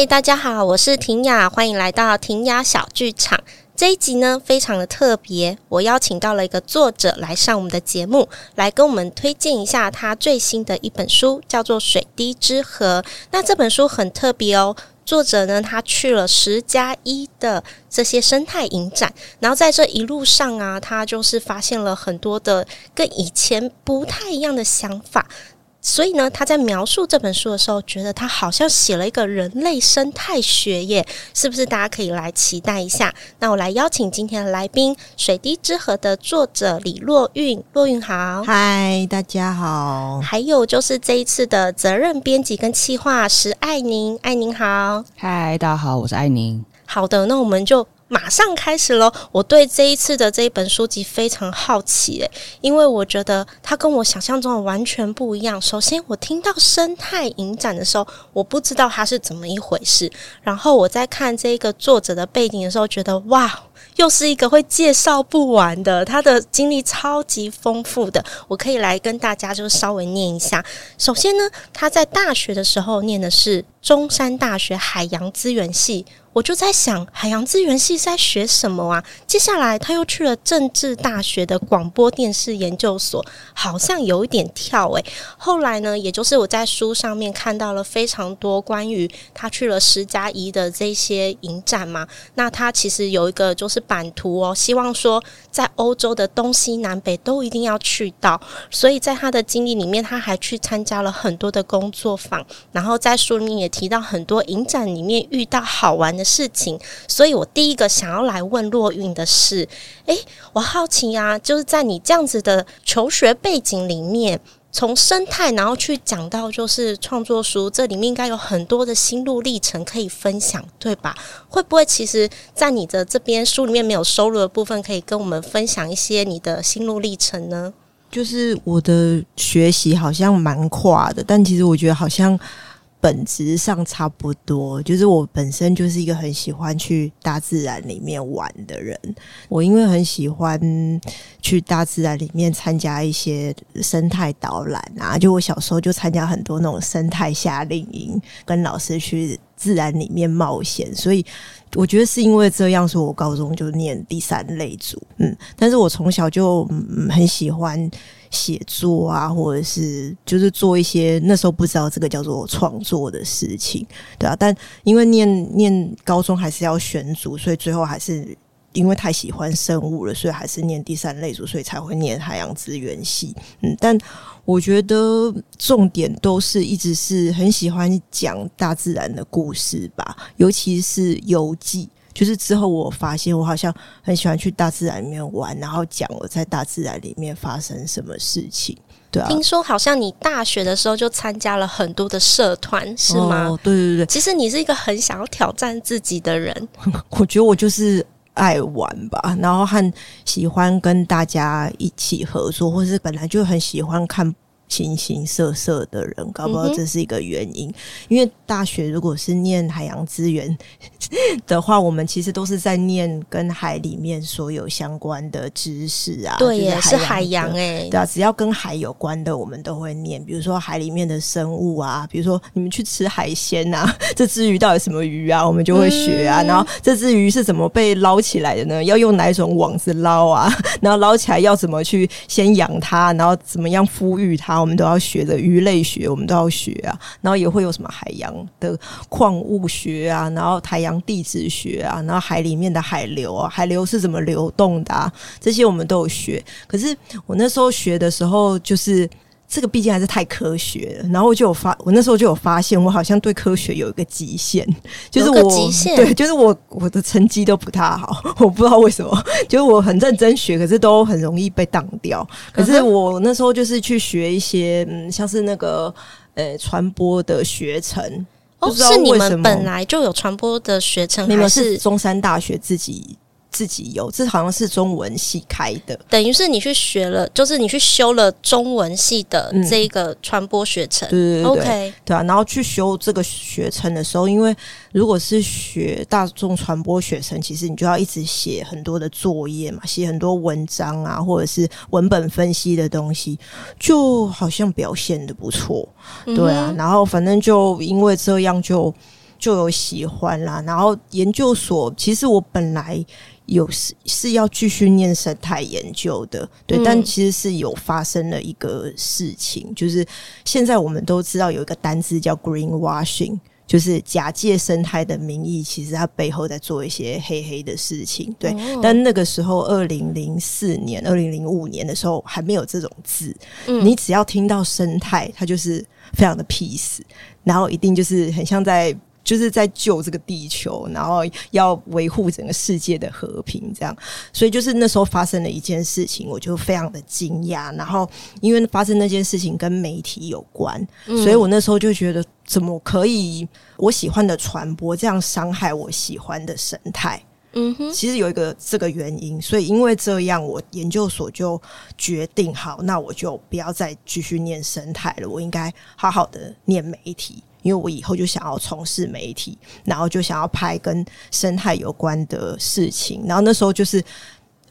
哎，大家好，我是庭雅，歡迎來到庭雅小聚場。這一集呢，非常的特別，我邀請到了一個作者來上我們的節目，來跟我們推薦一下他最新的一本書，叫做《水滴之河》。那這本書很特別哦，作者呢，他去了十加一的這些生態影展，然後在這一路上啊，他就是發現了很多的跟以前不太一樣的想法。所以呢，他在描述這本書的時候，覺得他好像寫了一個人類生態學耶，是不是？大家可以來期待一下。那我來邀請今天的來賓《水滴之河》的作者李若韻，若韻好，嗨，大家好。還有就是這一次的責任編輯跟企劃石璦寧，璦寧好，嗨，大家好，我是璦寧。好的，那我們就。馬上開始嘍！我對這一次的這一本書籍非常好奇，欸，哎，因為我覺得它跟我想象中的完全不一樣。首先，我聽到生態影展的時候，我不知道它是怎麼一回事。然後，我在看這個作者的背景的時候，覺得哇，又是一個會介紹不完的，他的經歷超級豐富的。我可以來跟大家就稍微念一下。首先呢，他在大學的時候念的是中山大學海洋資源系。我就在想，海洋資源系在學什麼啊？接下來他又去了政治大學的廣播電視研究所，好像有一點跳誒、欸，後來呢，也就是我在書上面看到了非常多關於他去了十加一的這一些影展嘛。那他其實有一個就是版圖哦，希望說在歐洲的東西南北都一定要去到。所以在他的經歷裡面，他還去參加了很多的工作坊，然後在書裡面也提到很多影展裡面遇到好玩的事情，所以我第一個想要來問若韻的是，誒、欸，我好奇啊，就是在你這樣子的求學背景裡面，從生態然後去講到就是創作書，這裡面應該有很多的心路歷程可以分享，對吧？會不會其實，在你的這邊書裡面沒有收錄的部分，可以跟我們分享一些你的心路歷程呢？就是我的學習好像蠻跨的，但其實我覺得好像。本質上差不多，就是我本身就是一個很喜歡去大自然裡面玩的人。我因為很喜歡去大自然裡面參加一些生態導覽啊，就我小時候就參加很多那種生態夏令營，跟老師去。自然裡面冒險，所以我覺得是因為這樣，所以我高中就念第三類組，嗯，但是我從小就，嗯，很喜歡寫作啊，或者是就是做一些那時候不知道這個叫做創作的事情，對啊，但因為念念高中還是要選組，所以最後還是。因為太喜歡生物了，所以還是念第三類組，所以才會念海洋資源系。嗯，但我覺得重點都是一直是很喜歡講大自然的故事吧，尤其是遊記。就是之後我發現，我好像很喜歡去大自然裡面玩，然後講我在大自然裡面發生什麼事情。對啊，聽說好像你大學的時候就參加了很多的社團，是嗎？哦，對對對，其實你是一個很想要挑戰自己的人。 我覺得我就是。愛玩吧，然後很喜歡跟大家一起合作，或是本來就很喜歡看。形形色色的人，搞不好這是一個原因。嗯、哼因為大學如果是念海洋資源的話，我們其實都是在念跟海裡面所有相關的知識啊。對耶，是海洋哎，洋欸、對啊，只要跟海有關的，我們都會念。比如說海裡面的生物啊，比如說你們去吃海鮮啊，這隻魚到底什麼魚啊？我們就會學啊。嗯、然後這隻魚是怎麼被撈起來的呢？要用哪一種網子撈啊？然後撈起來要怎麼去先養它？然後怎麼樣孵育它？我們都要學的魚類學，我們都要學啊。然後也會有什麼海洋的礦物學啊，然後海洋地質學啊，然後海裡面的海流，啊，海流是怎麼流動的啊？啊，這些我們都有學。可是我那時候學的時候，就是。這個畢竟還是太科學了，然後我就有發，我那時候就有發現，我好像對科學有一個極限，就是我，極限，對，就是我，我的成績都不太好，我不知道為什麼，就是我很認真學，可是都很容易被當掉。可是我那時候就是去學一些，嗯，像是那個呃、欸、傳播的學程，不、哦、知道為什麼是你們本來就有傳播的學程，你們是中山大學自己。自己有，這好像是中文系開的，等於是你去學了，就是你去修了中文系的這一個傳播學程，OK，對啊。然後去修這個學程的時候，因為如果是學大眾傳播學程，其實你就要一直寫很多的作業嘛，寫很多文章啊，或者是文本分析的東西，就好像表現得不錯，對啊。嗯、哼然後反正就因為這樣就就有喜歡啦。然後研究所，其實我本來。有是是要繼續念生態研究的，對，嗯、但其實是有發生了一個事情，就是現在我們都知道有一個單字叫 “green washing”，就是假借生態的名義，其實它背後在做一些黑黑的事情。對，哦、但那個時候，二零零四年、二零零五年的時候還沒有這種字，嗯、你只要聽到生態，它就是非常的 peace，然後一定就是很像在。就是在救這個地球，然後要維護整個世界的和平，這樣。所以就是那時候發生了一件事情，我就非常的驚訝。然後因為發生那件事情跟媒體有關，嗯、所以我那時候就覺得，怎麼可以我喜歡的傳播這樣傷害我喜歡的生態？嗯哼。其實有一個這個原因，所以因為這樣，我研究所就決定，好，那我就不要再繼續念生態了，我應該好好的念媒體。因為我以後就想要從事媒體，然後就想要拍跟生態有關的事情，然後那時候就是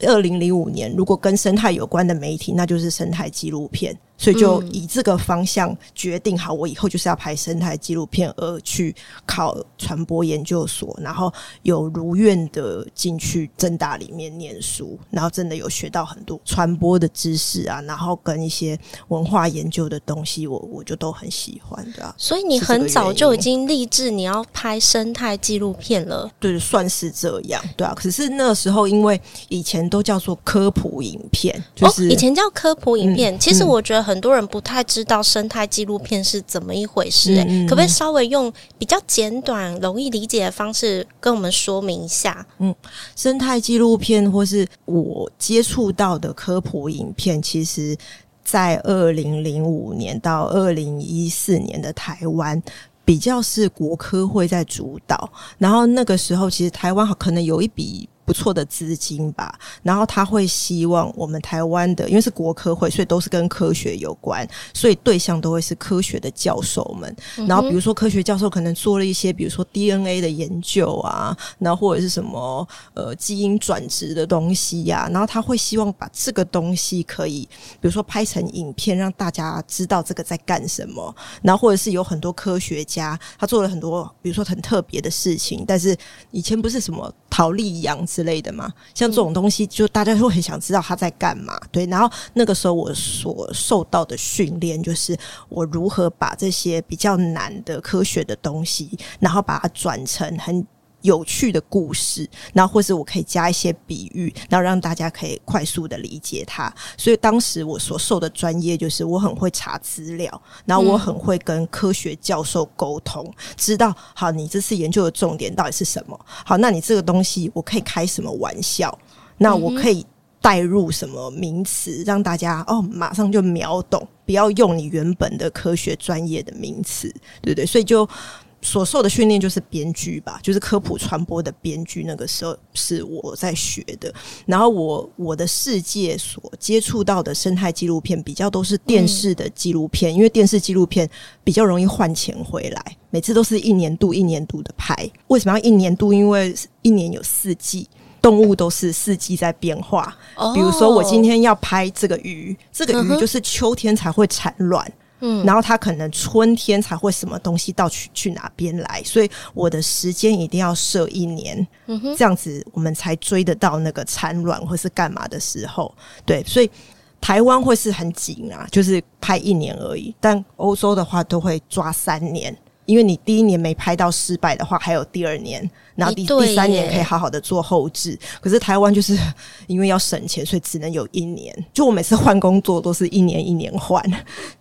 2005年，如果跟生態有關的媒體，那就是生態紀錄片。所以就以這個方向決定好，嗯、我以後就是要拍生態紀錄片，而去考傳播研究所，然後有如願的進去政大裡面念書，然後真的有學到很多傳播的知識啊，然後跟一些文化研究的東西我，我我就都很喜歡的。對啊、所以你很早就已經立志你要拍生態紀錄片了，對，算是這樣，對啊。可是那時候，因為以前都叫做科普影片，對、就是哦，以前叫科普影片，嗯、其實我覺得。很多人不太知道生態紀錄片是怎麼一回事、欸，嗯、可不可以稍微用比較簡短、容易理解的方式跟我們說明一下？嗯，生態紀錄片或是我接觸到的科普影片，其實在二零零五年到二零一四年的台灣，比較是國科會在主導，然後那個時候其實台灣可能有一筆。不錯的資金吧，然後他會希望我們台灣的，因為是國科會，所以都是跟科學有關，所以對象都會是科學的教授們。然後比如說科學教授可能做了一些，比如說 DNA 的研究啊，然後或者是什麼呃基因轉殖的東西呀、啊，然後他會希望把這個東西可以，比如說拍成影片讓大家知道這個在幹什麼，然後或者是有很多科學家他做了很多，比如說很特別的事情，但是以前不是什麼桃李養子。之類的嘛，像這種東西，就大家會很想知道他在幹嘛。對，然後那個時候我所受到的訓練，就是我如何把這些比較難的科學的東西，然後把它轉成很有趣的故事，然後或是我可以加一些比喻，然後讓大家可以快速的理解它。所以當時我所受的專業就是我很會查資料，然後我很會跟科學教授溝通，嗯、知道好你這次研究的重點到底是什麼。好，那你這個東西我可以開什麼玩笑？那我可以帶入什麼名詞、嗯嗯、讓大家哦，馬上就秒懂，不要用你原本的科學專業的名詞，對不對？所以就。所受的訓練就是編劇吧，就是科普傳播的編劇。那個時候是我在學的。然後我我的世界所接觸到的生態紀錄片，比較都是電視的紀錄片，嗯、因為電視紀錄片比較容易換錢回來。每次都是一年度一年度的拍，為什麼要一年度？因為一年有四季，動物都是四季在變化。哦、比如說，我今天要拍這個魚，這個魚就是秋天才會產卵。呵呵嗯，然後他可能春天才會什麼東西到去，嗯、去哪邊來，所以我的時間一定要設一年，嗯、哼這樣子我們才追得到那個產卵或是幹嘛的時候。對，所以台灣會是很緊啊，就是拍一年而已。但歐洲的話都會抓三年，因為你第一年沒拍到失敗的話，還有第二年。然後第第三年可以好好的做後製，耶可是台灣就是因為要省錢，所以只能有一年。就我每次換工作都是一年一年換，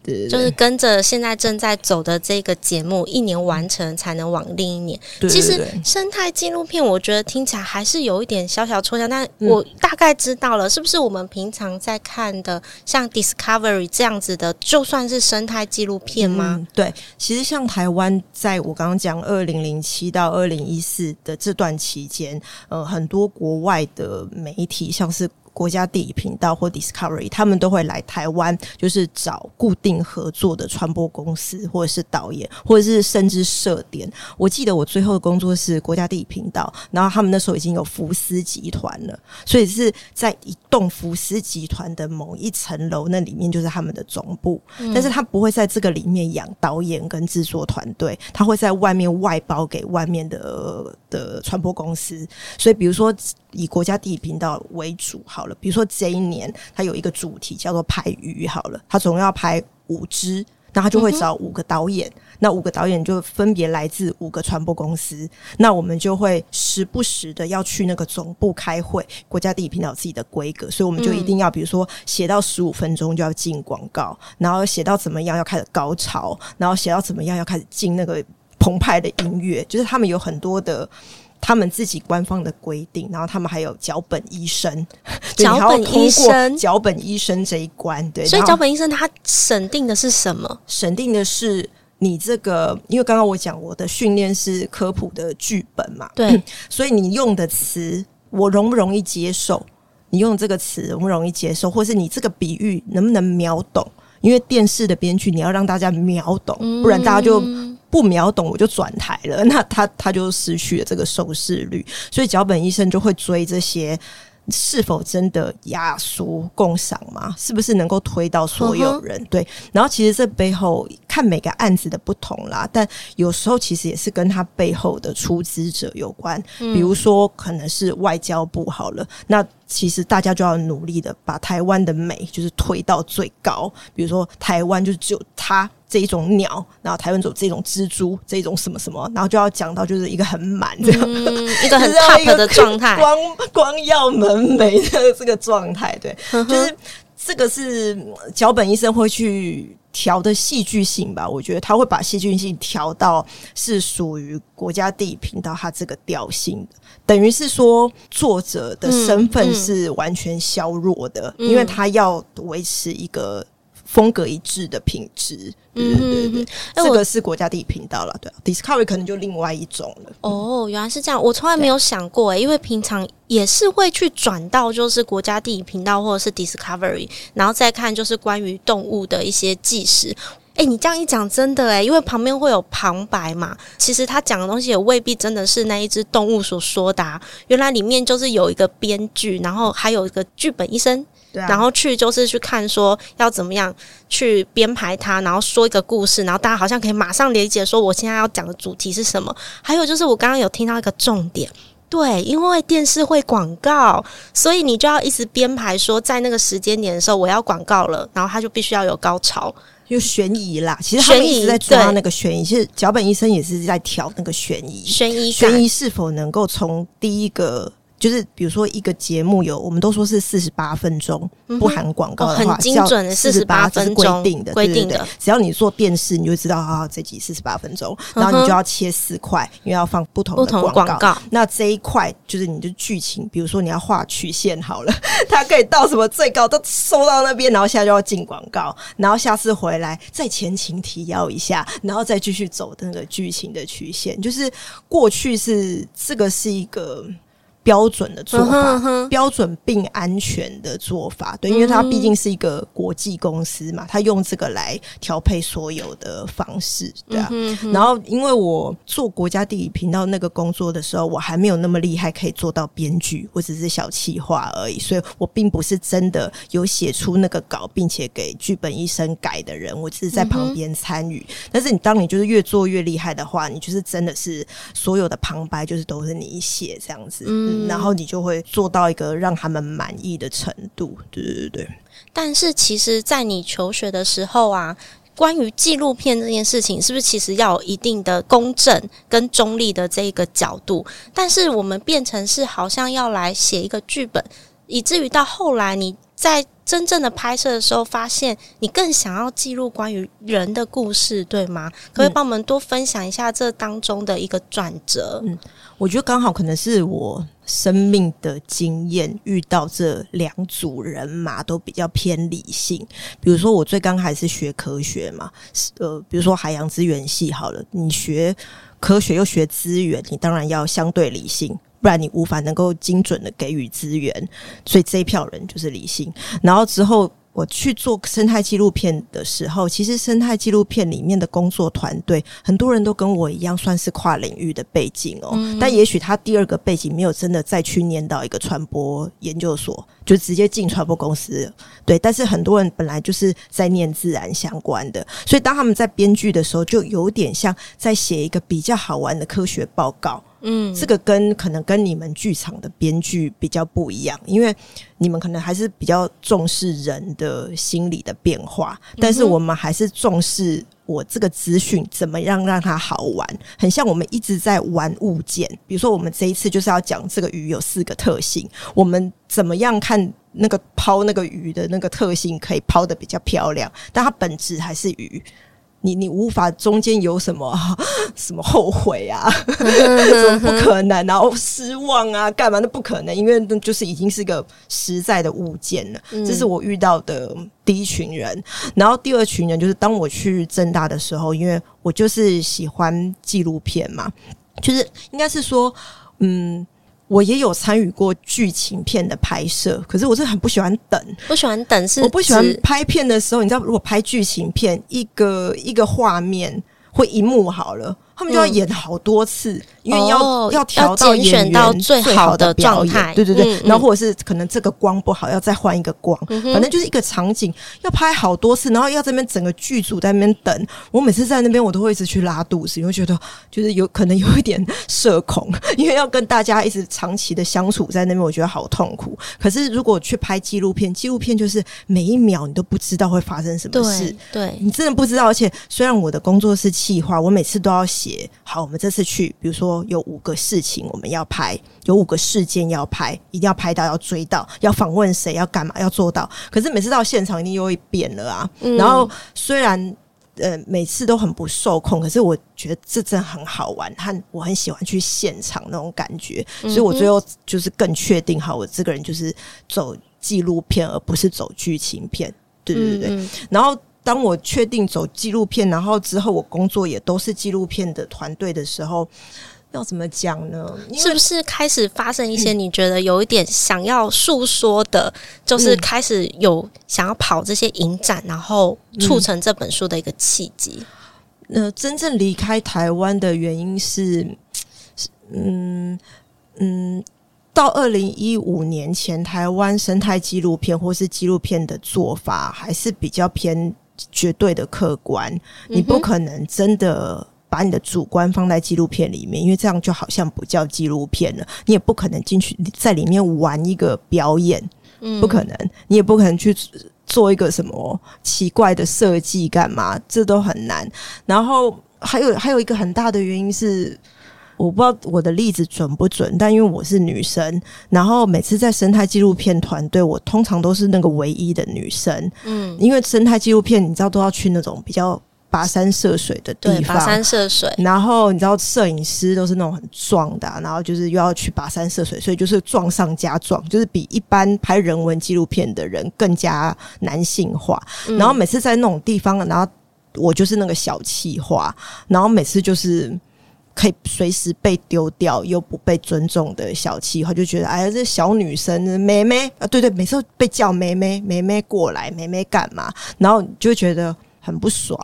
對對對就是跟着現在正在走的這個節目，一年完成才能往另一年。對對對其實生態紀錄片我覺得聽起來還是有一點小小抽象，但我大概知道了、嗯、是不是我們平常在看的像 Discovery 這樣子的，就算是生態紀錄片嗎？嗯、對，其實像台灣，在我剛剛講二零零七到二零一四。的這段期間，呃，很多國外的媒體像是，國家地理頻道或 Discovery，他們都會來台灣，就是找固定合作的傳播公司，或者是導演，或者是甚至設點。我記得我最後的工作是國家地理頻道，然後他們那時候已經有福斯集團了，所以是在一棟福斯集團的某一層樓，那裡面就是他們的總部。嗯、但是他不會在這個裡面養導演跟制作團隊，他會在外面外包給外面的的傳播公司。所以，比如說。以國家地理頻道為主好了，比如說這一年他有一個主題叫做拍魚好了，他總共要拍五支，那他就會找五個導演，嗯、哼那五個導演就分別來自五個傳播公司，那我們就會時不時的要去那個總部開會。國家地理頻道有自己的規格，所以我們就一定要，比如說寫到十五分鐘就要進廣告，然後寫到怎麼樣要開始高潮，然後寫到怎麼樣要開始進那個澎湃的音樂，就是他們有很多的。他們自己官方的規定，然後他們還有腳本醫生，腳本醫生，腳 本醫生這一關，對。所以腳本醫生他審定的是什麼？審定的是你這個，因為剛剛我講我的訓練是科普的劇本嘛，對、嗯。所以你用的詞，我容不容易接受？你用這個詞容不容易接受？或是你這個比喻能不能秒懂？因為電視的編劇你要讓大家秒懂，不然大家就。嗯嗯不秒懂我就轉台了，那他他就失去了這個收視率，所以腳本醫生就會追這些是否真的雅俗共賞嗎？是不是能夠推到所有人？呵呵對，然後其實這背後看每個案子的不同啦，但有時候其實也是跟他背後的出資者有關，嗯、比如說可能是外交部好了，那。其實大家就要努力的把台灣的美就是推到最高，比如說台灣就是只有它這一種鳥，然後台灣只有這種蜘蛛，這種什麼什麼，然後就要講到就是一個很滿、嗯，一個很 top 的狀態，光光耀門楣的這個狀態，對，嗯、哼就是這個是腳本醫生會去。調的戲劇性吧，我覺得他會把戲劇性調到是屬於國家地理頻道，他這個調性，等於是說作者的身份是完全削弱的，嗯嗯、因為他要維持一個。風格一致的品質、嗯，嗯嗯嗯，這個是國家地理頻道了，欸、我對、啊，Discovery 可能就另外一種了。哦，嗯、原來是這樣，我從來沒有想過誒、欸，對因為平常也是會去轉到就是國家地理頻道或者是 Discovery，然後再看就是關於動物的一些紀實。誒、欸，你這樣一講，真的誒、欸，因為旁邊會有旁白嘛，其實他講的東西也未必真的是那一只動物所說的、啊。原來裡面就是有一個編劇，然後還有一個劇本醫生。然後去就是去看說要怎麼樣去編排它，然後說一個故事，然後大家好像可以馬上理解說我現在要講的主題是什麼？還有就是我剛剛有聽到一個重點，對，因為電視會廣告，所以你就要一直編排說在那個時間點的時候我要廣告了，然後它就必須要有高潮，就懸疑啦。其實懸疑一直在抓那個懸疑，懸疑其實腳本醫生也是在調那個懸疑，懸疑，懸疑是否能夠從第一個。就是比如說一個節目有，我們都說是四十八分鐘，嗯、哼不含廣告的話，很精準的，四十八分鐘規定的，規定的對對對。只要你做電視，你就知道啊，這集四十八分鐘，然後你就要切四塊，嗯、哼因為要放不同的廣告。不同廣告。那這一塊就是你的劇情，比如說你要畫曲線好了，它可以到什麼最高，都收到那邊，然後現在就要進廣告，然後下次回來再前情提要一下，然後再繼續走那個劇情的曲線。就是過去是這個是一個標準的做法，uh huh, uh huh、標準並安全的做法，對，因為它畢竟是一個國際公司嘛，嗯、哼它用這個來調配所有的方式，對啊。嗯哼嗯哼，然後，因為我做國家地理頻道那個工作的時候，我還沒有那麼厲害，可以做到編劇，我只是小企劃而已，所以我並不是真的有寫出那個稿，並且給劇本醫生改的人，我只是在旁邊參與。嗯、哼但是，你當你就是越做越厲害的話，你就是真的是所有的旁白就是都是你寫這樣子。嗯然後你就會做到一個讓他們滿意的程度，對對對對。但是其實，在你求學的時候啊，關於紀錄片這件事情，是不是其實要有一定的公正跟中立的這個角度？但是我們變成是好像要來寫一個劇本，以至於到後來你在真正的拍攝的時候，發現你更想要記錄關於人的故事，對嗎？嗯。可不可以幫我們多分享一下這當中的一個轉折？嗯。我覺得剛好可能是我生命的經驗遇到這兩組人馬都比較偏理性，比如說我最剛還是學科學嘛，呃，比如說海洋資源系好了，你學科學又學資源，你當然要相對理性，不然你無法能夠精準的給予資源，所以這一票人就是理性，然後之後。我去做生態紀錄片的時候，其實生態紀錄片裡面的工作團隊，很多人都跟我一樣，算是跨領域的背景哦、喔。嗯嗯。但也許他第二個背景沒有真的再去念到一個傳播研究所，就直接進傳播公司了。對，但是很多人本來就是在念自然相關的，所以當他們在編劇的時候，就有點像在寫一個比較好玩的科學報告。嗯，這個跟可能跟你們劇場的編劇比較不一樣，因為你們可能還是比較重視人的心理的變化，但是我們還是重視我這個資訊怎麼樣讓它好玩。很像我們一直在玩物件，比如說我們這一次就是要講這個魚有四個特性，我們怎麼樣看那個拋那個魚的那個特性可以拋得比較漂亮，但它本質還是魚。你你無法中間有什麼什麼後悔啊？嗯、哼什麼不可能？然後失望啊？幹嘛？那不可能，因為那就是已經是一個實在的物件了。嗯、這是我遇到的第一群人，然後第二群人就是當我去政大的時候，因為我就是喜歡紀錄片嘛，就是應該是說，嗯。我也有參與過劇情片的拍攝，可是我是很不喜歡等，不喜歡等是我不喜歡拍片的時候，你知道，如果拍劇情片，一個一個畫面或一幕好了。他們就要演好多次，嗯、因為要、哦、要調到演員選，選到最好的狀態，對對對。嗯嗯，然後或者是可能這個光不好，要再換一個光，嗯、哼反正就是一個場景要拍好多次，然後要這邊整個劇組在那邊等。我每次在那邊，我都會一直去拉肚子，因為覺得就是有可能有一點社恐，因為要跟大家一直長期的相處在那邊，我覺得好痛苦。可是如果去拍紀錄片，紀錄片就是每一秒你都不知道會發生什麼事，對，對你真的不知道。而且雖然我的工作是企劃，我每次都要寫，好，我們這次去，比如說有五個事情我們要拍，有五個事件要拍，一定要拍到，要追到，要訪問誰，要幹嘛，要做到。可是每次到現場，一定又會變了啊。嗯、然後雖然呃每次都很不受控，可是我覺得這真很好玩，很我很喜歡去現場那種感覺。所以我最後就是更確定，好，我這個人就是走紀錄片，而不是走劇情片。對對對，對，嗯嗯，然後。當我確定走紀錄片，然後之後我工作也都是紀錄片的團隊的時候，要怎麼講呢？是不是開始發生一些你覺得有一點想要訴說的，嗯、就是開始有想要跑這些影展，嗯、然後促成這本書的一個契機？那、嗯嗯呃、真正離開台灣的原因是，是嗯嗯，到二零一五年前，台灣生態紀錄片或是紀錄片的做法還是比較偏。絕對的客觀，你不可能真的把你的主觀放在紀錄片裡面，因為這樣就好像不叫紀錄片了。你也不可能進去在裡面玩一個表演，嗯，不可能。你也不可能去做一個什麼奇怪的設計，幹嘛？這都很難。然後還有，還有一個很大的原因是。我不知道我的例子準不準，但因為我是女生，然後每次在生態紀錄片團隊，我通常都是那個唯一的女生。嗯，因為生態紀錄片你知道都要去那種比較跋山涉水的地方，對，跋山涉水。然後你知道攝影師都是那種很壯的、啊，然後就是又要去跋山涉水，所以就是壯上加壯，就是比一般拍人文紀錄片的人更加男性化。嗯、然後每次在那種地方，然後我就是那個小氣話，然後每次就是。可以隨時被丟掉又不被尊重的小氣候就覺得哎呀，這小女生、妹妹啊，對對，每次被叫妹妹、妹妹過來、妹妹幹嘛，然後你就覺得很不爽。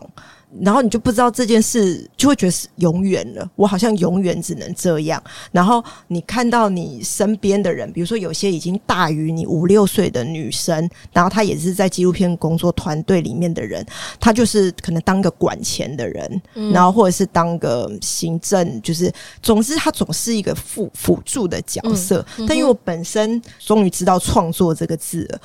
然後你就不知道這件事，就會覺得是永遠了。我好像永遠只能這樣。嗯、然後你看到你身邊的人，比如說有些已經大於你五六歲的女生，然後她也是在紀錄片工作團隊裡面的人，她就是可能當個管錢的人，嗯、然後或者是當個行政，就是總之她總是一個輔輔助的角色。嗯嗯、但因為我本身終於知道“創作”這個字了。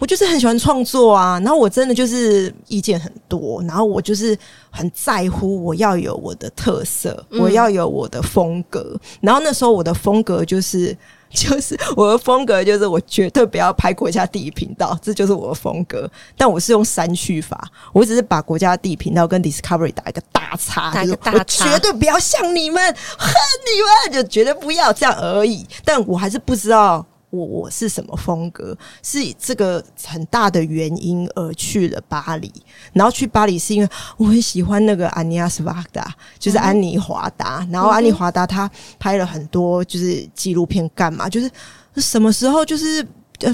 我就是很喜歡創作啊，然後我真的就是意見很多，然後我就是很在乎，我要有我的特色，嗯、我要有我的風格。然後那時候我的風格就是，就是我的風格就是，我絕對不要拍國家地理頻道，這就是我的風格。但我是用刪去法，我只是把國家地理頻道跟 Discovery 打一個大叉，打個大叉，我絕對不要像你們，恨你們，就絕對不要這樣而已。但我還是不知道。我我是什麼風格？是以這個很大的原因而去了巴黎。然後去巴黎是因為我很喜歡那個安妮亞斯巴達，就是安妮華達。嗯、然後安妮華達他拍了很多就是紀錄片，幹嘛？嗯、哼就是什麼時候就是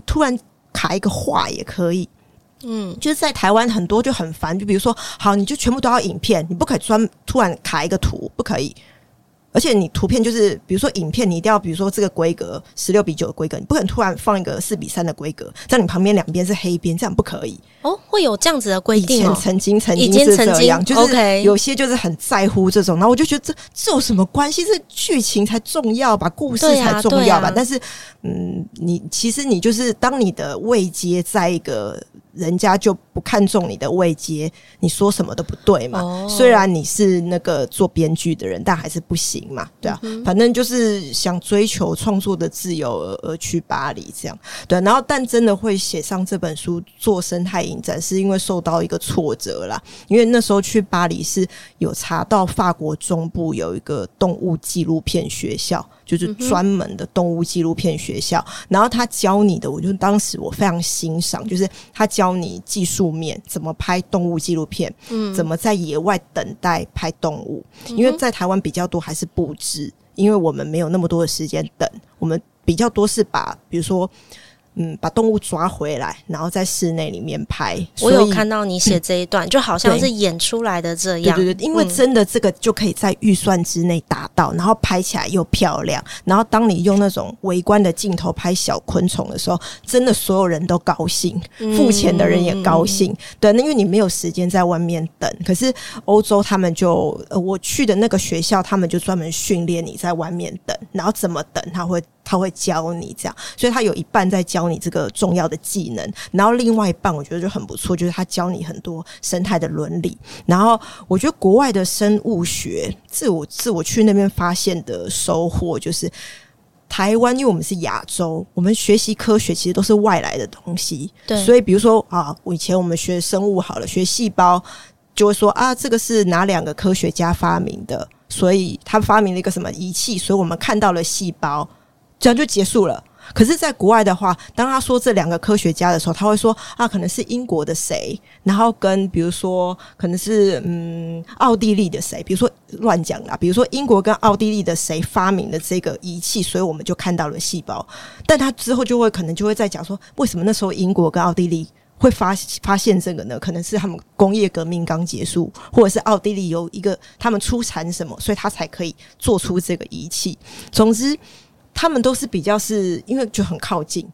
突然卡一個畫也可以。嗯，就是在台灣很多就很煩，就比如說好，你就全部都要影片，你不可以專突然卡一個圖，不可以。而且你圖片就是，比如說影片，你一定要比如說這個規格十六比九的規格，你不可能突然放一個四比三的規格在你旁邊兩邊是黑邊，這樣不可以哦。會有這樣子的規定哦。以前曾經，曾經曾經是這樣，曾經就是 okay 有些就是很在乎這種，然後我就覺得這這有什麼關係？這劇情才重要吧，故事才重要吧。啊啊。但是嗯，你其實你就是當你的位階在一個。人家就不看重你的位階，你說什麼都不對嘛。Oh. 雖然你是那個做編劇的人，但還是不行嘛，對啊。Mm hmm. 反正就是想追求創作的自由而而去巴黎這樣，對啊，然後，但真的會寫上這本書做生態影展，是因為受到一個挫折啦。因為那時候去巴黎是有查到法國中部有一個動物紀錄片學校。就是專門的動物紀錄片學校，嗯、哼然後他教你的，我就當時我非常欣賞，就是他教你技術面怎麼拍動物紀錄片，嗯，怎麼在野外等待拍動物，因為在台灣比較多還是布置，嗯、哼因為我們沒有那麼多的時間等，我們比較多是把比如說。嗯，把動物抓回來，然後在室內裡面拍。我有看到你寫這一段，嗯、就好像是演出來的這樣。對，對對，對因為真的這個就可以在預算之內達到，嗯、然後拍起來又漂亮。然後當你用那種微觀的鏡頭拍小昆蟲的時候，真的所有人都高興，付錢的人也高興。嗯、對，那因為你沒有時間在外面等，可是歐洲他們就、呃，我去的那個學校，他們就專門訓練你在外面等，然後怎麼等，他會。他會教你這樣，所以他有一半在教你這個重要的技能，然後另外一半我覺得就很不錯，就是他教你很多生態的倫理。然後我覺得國外的生物學，自我自我去那邊發現的收穫就是，台灣因為我們是亞洲，我們學習科學其實都是外來的東西，對，所以比如說啊，我以前我們學生物好了，學細胞就會說啊，這個是哪兩個科學家發明的？所以他發明了一個什麼儀器？所以我們看到了細胞。這樣就結束了。可是，在國外的話，當他說這兩個科學家的時候，他會說啊，可能是英國的誰，然後跟比如說可能是嗯奧地利的誰，比如說亂講啦，比如說英國跟奧地利的誰發明了這個儀器，所以我們就看到了細胞。但他之後就會可能就會再講說，為什麼那時候英國跟奧地利會發發現這個呢？可能是他們工業革命剛結束，或者是奧地利有一個他們出產什麼，所以他才可以做出這個儀器。總之。他們都是比較是，因為就很靠近，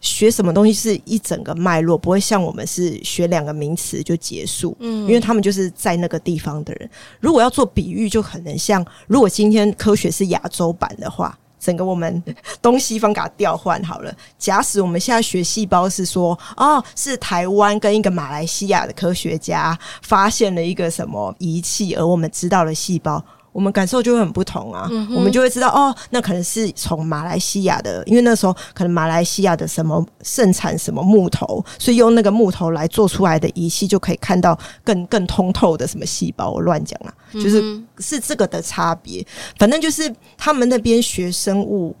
學什麼東西是一整個脈絡，不會像我們是學兩個名詞就結束。嗯，因為他們就是在那個地方的人。如果要做比喻，就可能像，如果今天科學是亞洲版的話，整個我們東西方給它調換好了。假使我們現在學細胞是說，哦，是台灣跟一個馬來西亞的科學家發現了一個什麼儀器，而我們知道了細胞。我們感受就會很不同啊，嗯、哼我們就會知道哦，那可能是從馬來西亞的，因為那時候可能馬來西亞的什麼盛產什麼木頭，所以用那個木頭來做出來的儀器就可以看到更更通透的什麼細胞，我亂講啊，就是、嗯、哼是這個的差別，反正就是他們那邊學生物。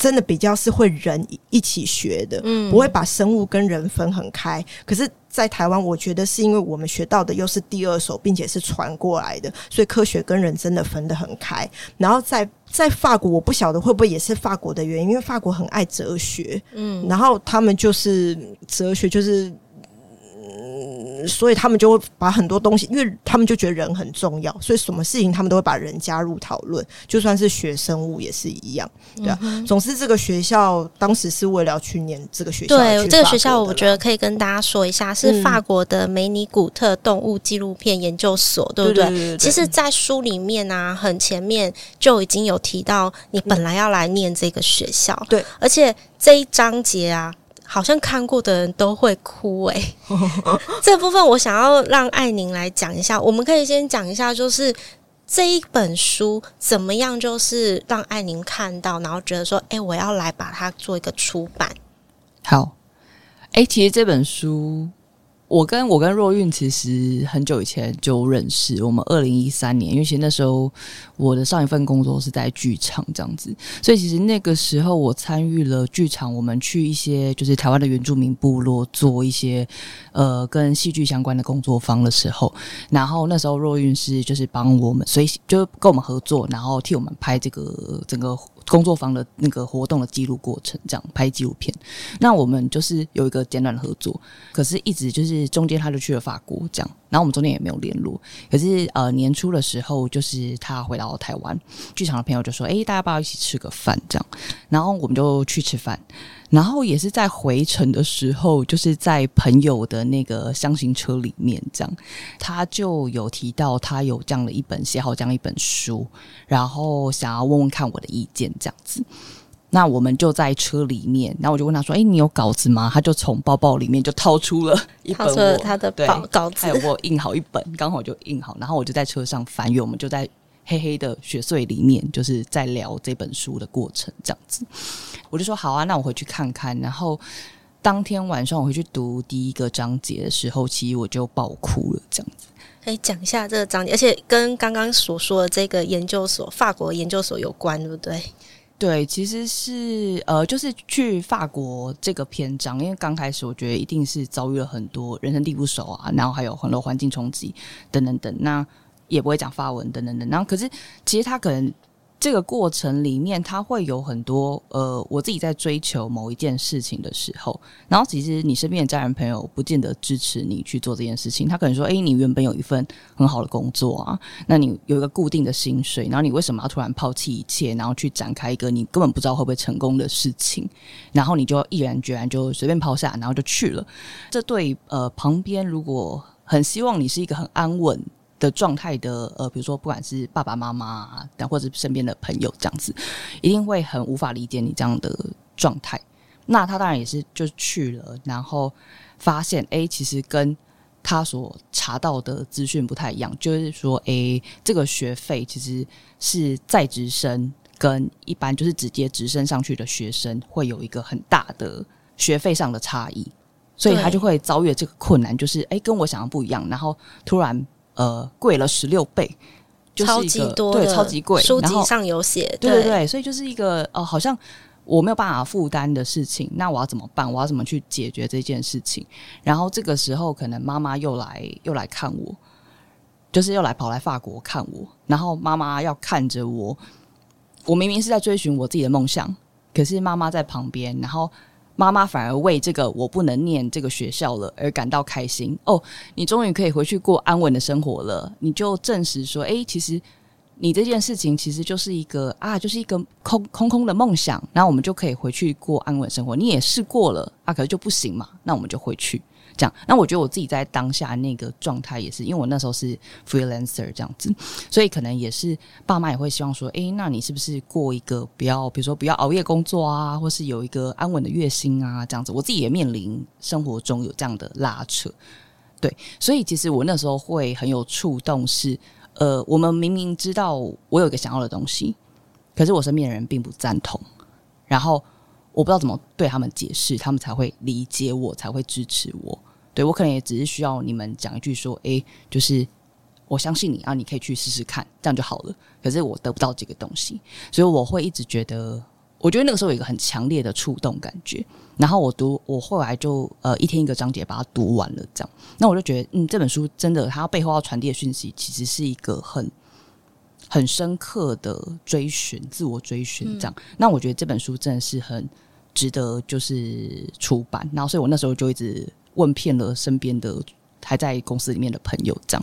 真的比較是會人一起學的，嗯，不會把生物跟人分很開。可是，在台灣，我覺得是因為我們學到的又是第二手，並且是傳過來的，所以科學跟人真的分得很開。然後在在法國，我不曉得會不會也是法國的原因，因為法國很愛哲學，嗯，然後他們就是哲學就是。所以他們就會把很多東西，因為他們就覺得人很重要，所以什麼事情他們都會把人加入討論，就算是學生物也是一樣，對啊，嗯哼。總之，這個學校當時是為了要去念這個學校。對，這個學校我覺得可以跟大家說一下，是法國的梅尼古特動物紀錄片研究所，嗯、對不對？對對對對。其實，在書裡面啊，很前面就已經有提到，你本來要來念這個學校，嗯、對，而且這一章節啊。好像看過的人都會哭誒、欸， 這部分我想要讓璦寧來講一下。我們可以先講一下，就是這一本書怎麼樣，就是讓璦寧看到，然後覺得說，哎，我要來把它做一個出版。好，哎，其實這本書。我跟我跟若韻其實很久以前就認識，我們二零一三年，因為其實那時候我的上一份工作是在劇場這樣子，所以其實那個時候我參與了劇場，我們去一些就是台灣的原住民部落做一些呃跟戲劇相關的工作坊的時候，然後那時候若韻是就是幫我們，所以就跟我們合作，然後替我們拍這個整個。工作坊的那個活動的記錄過程，這樣拍紀錄片。那我們就是有一個簡短的合作，可是一直就是中間他就去了法國，這樣，然後我們中間也沒有聯絡。可是呃年初的時候，就是他回到台灣，劇場的朋友就說：“欸，大家要不要一起吃個飯？”這樣，然後我們就去吃飯。然後也是在回程的時候，就是在朋友的那個箱型車裡面，這樣他就有提到他有這樣的一本寫好這樣一本書，然後想要問問看我的意見這樣子。那我們就在車裡面，然後我就問他說：“哎，你有稿子嗎？”他就從包包裡面就掏出了一本，掏出了他的對稿子，還有我印好一本，剛好就印好。然後我就在車上翻閱，我們就在。黑黑的雪穗裡面，就是在聊這本書的過程，這樣子，我就說好啊，那我回去看看。然後當天晚上我回去讀第一個章節的時候，其實我就爆哭了，這樣子。可以講一下這個章節，而且跟剛剛所說的這個研究所、法國研究所有關，對不對？對，其實是呃，就是去法國這個篇章，因為剛開始我覺得一定是遭遇了很多人生地不熟啊，然後還有很多環境衝擊等等等，那。也不會講法文等等等等，然後可是其實他可能這個過程裡面他會有很多呃，我自己在追求某一件事情的時候，然後其實你身邊的家人朋友不見得支持你去做這件事情，他可能說：“哎，你原本有一份很好的工作啊，那你有一個固定的薪水，然後你為什麼要突然拋棄一切，然後去展開一個你根本不知道會不會成功的事情？然後你就毅然決然就隨便拋下，然後就去了。這對呃旁邊如果很希望你是一個很安穩。”的狀態的呃，比如說，不管是爸爸媽媽、啊，或者是身邊的朋友，這樣子，一定會很無法理解你這樣的狀態。那他當然也是就去了，然後發現，哎、欸，其實跟他所查到的資訊不太一樣，就是說，哎、欸，這個學費其實是在職生跟一般就是直接直升上去的學生會有一個很大的學費上的差異，所以他就會遭遇這個困難，就是哎、欸，跟我想象不一樣，然後突然。呃，貴了十六倍，就是、超級多，對，超級貴。書籍上有寫，然後，對對對，所以就是一個呃，好像我沒有辦法負擔的事情，那我要怎麼辦？我要怎麼去解決這件事情？然後這個時候，可能媽媽又來又來看我，就是又來跑來法國看我，然後媽媽要看着我，我明明是在追尋我自己的夢想，可是媽媽在旁邊，然後。媽媽反而為這個我不能念這個學校了而感到開心哦，oh, 你終於可以回去過安穩的生活了。你就證實說，哎，其實你這件事情其實就是一個啊，就是一個空空空的夢想。那我們就可以回去過安穩生活。你也試過了啊，可是就不行嘛，那我們就回去。這樣，那我覺得我自己在當下那個狀態也是，因為我那時候是 freelancer 這樣子，所以可能也是爸媽也會希望說，誒，那你是不是過一個比較，比如說不要熬夜工作啊，或是有一個安穩的月薪啊這樣子。我自己也面臨生活中有這樣的拉扯，對，所以其實我那時候會很有觸動是，是呃，我們明明知道我有一個想要的東西，可是我身邊的人並不贊同，然後。我不知道怎麼對他們解釋，他們才會理解我，才會支持我。對，我可能也只是需要你們講一句說，哎、欸，就是我相信你啊，你可以去試試看，這樣就好了。可是我得不到這個東西，所以我會一直覺得，我覺得那個時候有一個很強烈的觸動感覺。然後我讀，我後來就呃一天一個章節把它讀完了，這樣。那我就覺得，嗯，這本書真的，它背後要傳遞的訊息，其實是一個很。很深刻的追尋，自我追尋，這樣。嗯、那我覺得這本書真的是很值得，就是出版。然後，所以我那時候就一直問遍了身邊的還在公司裡面的朋友，這樣。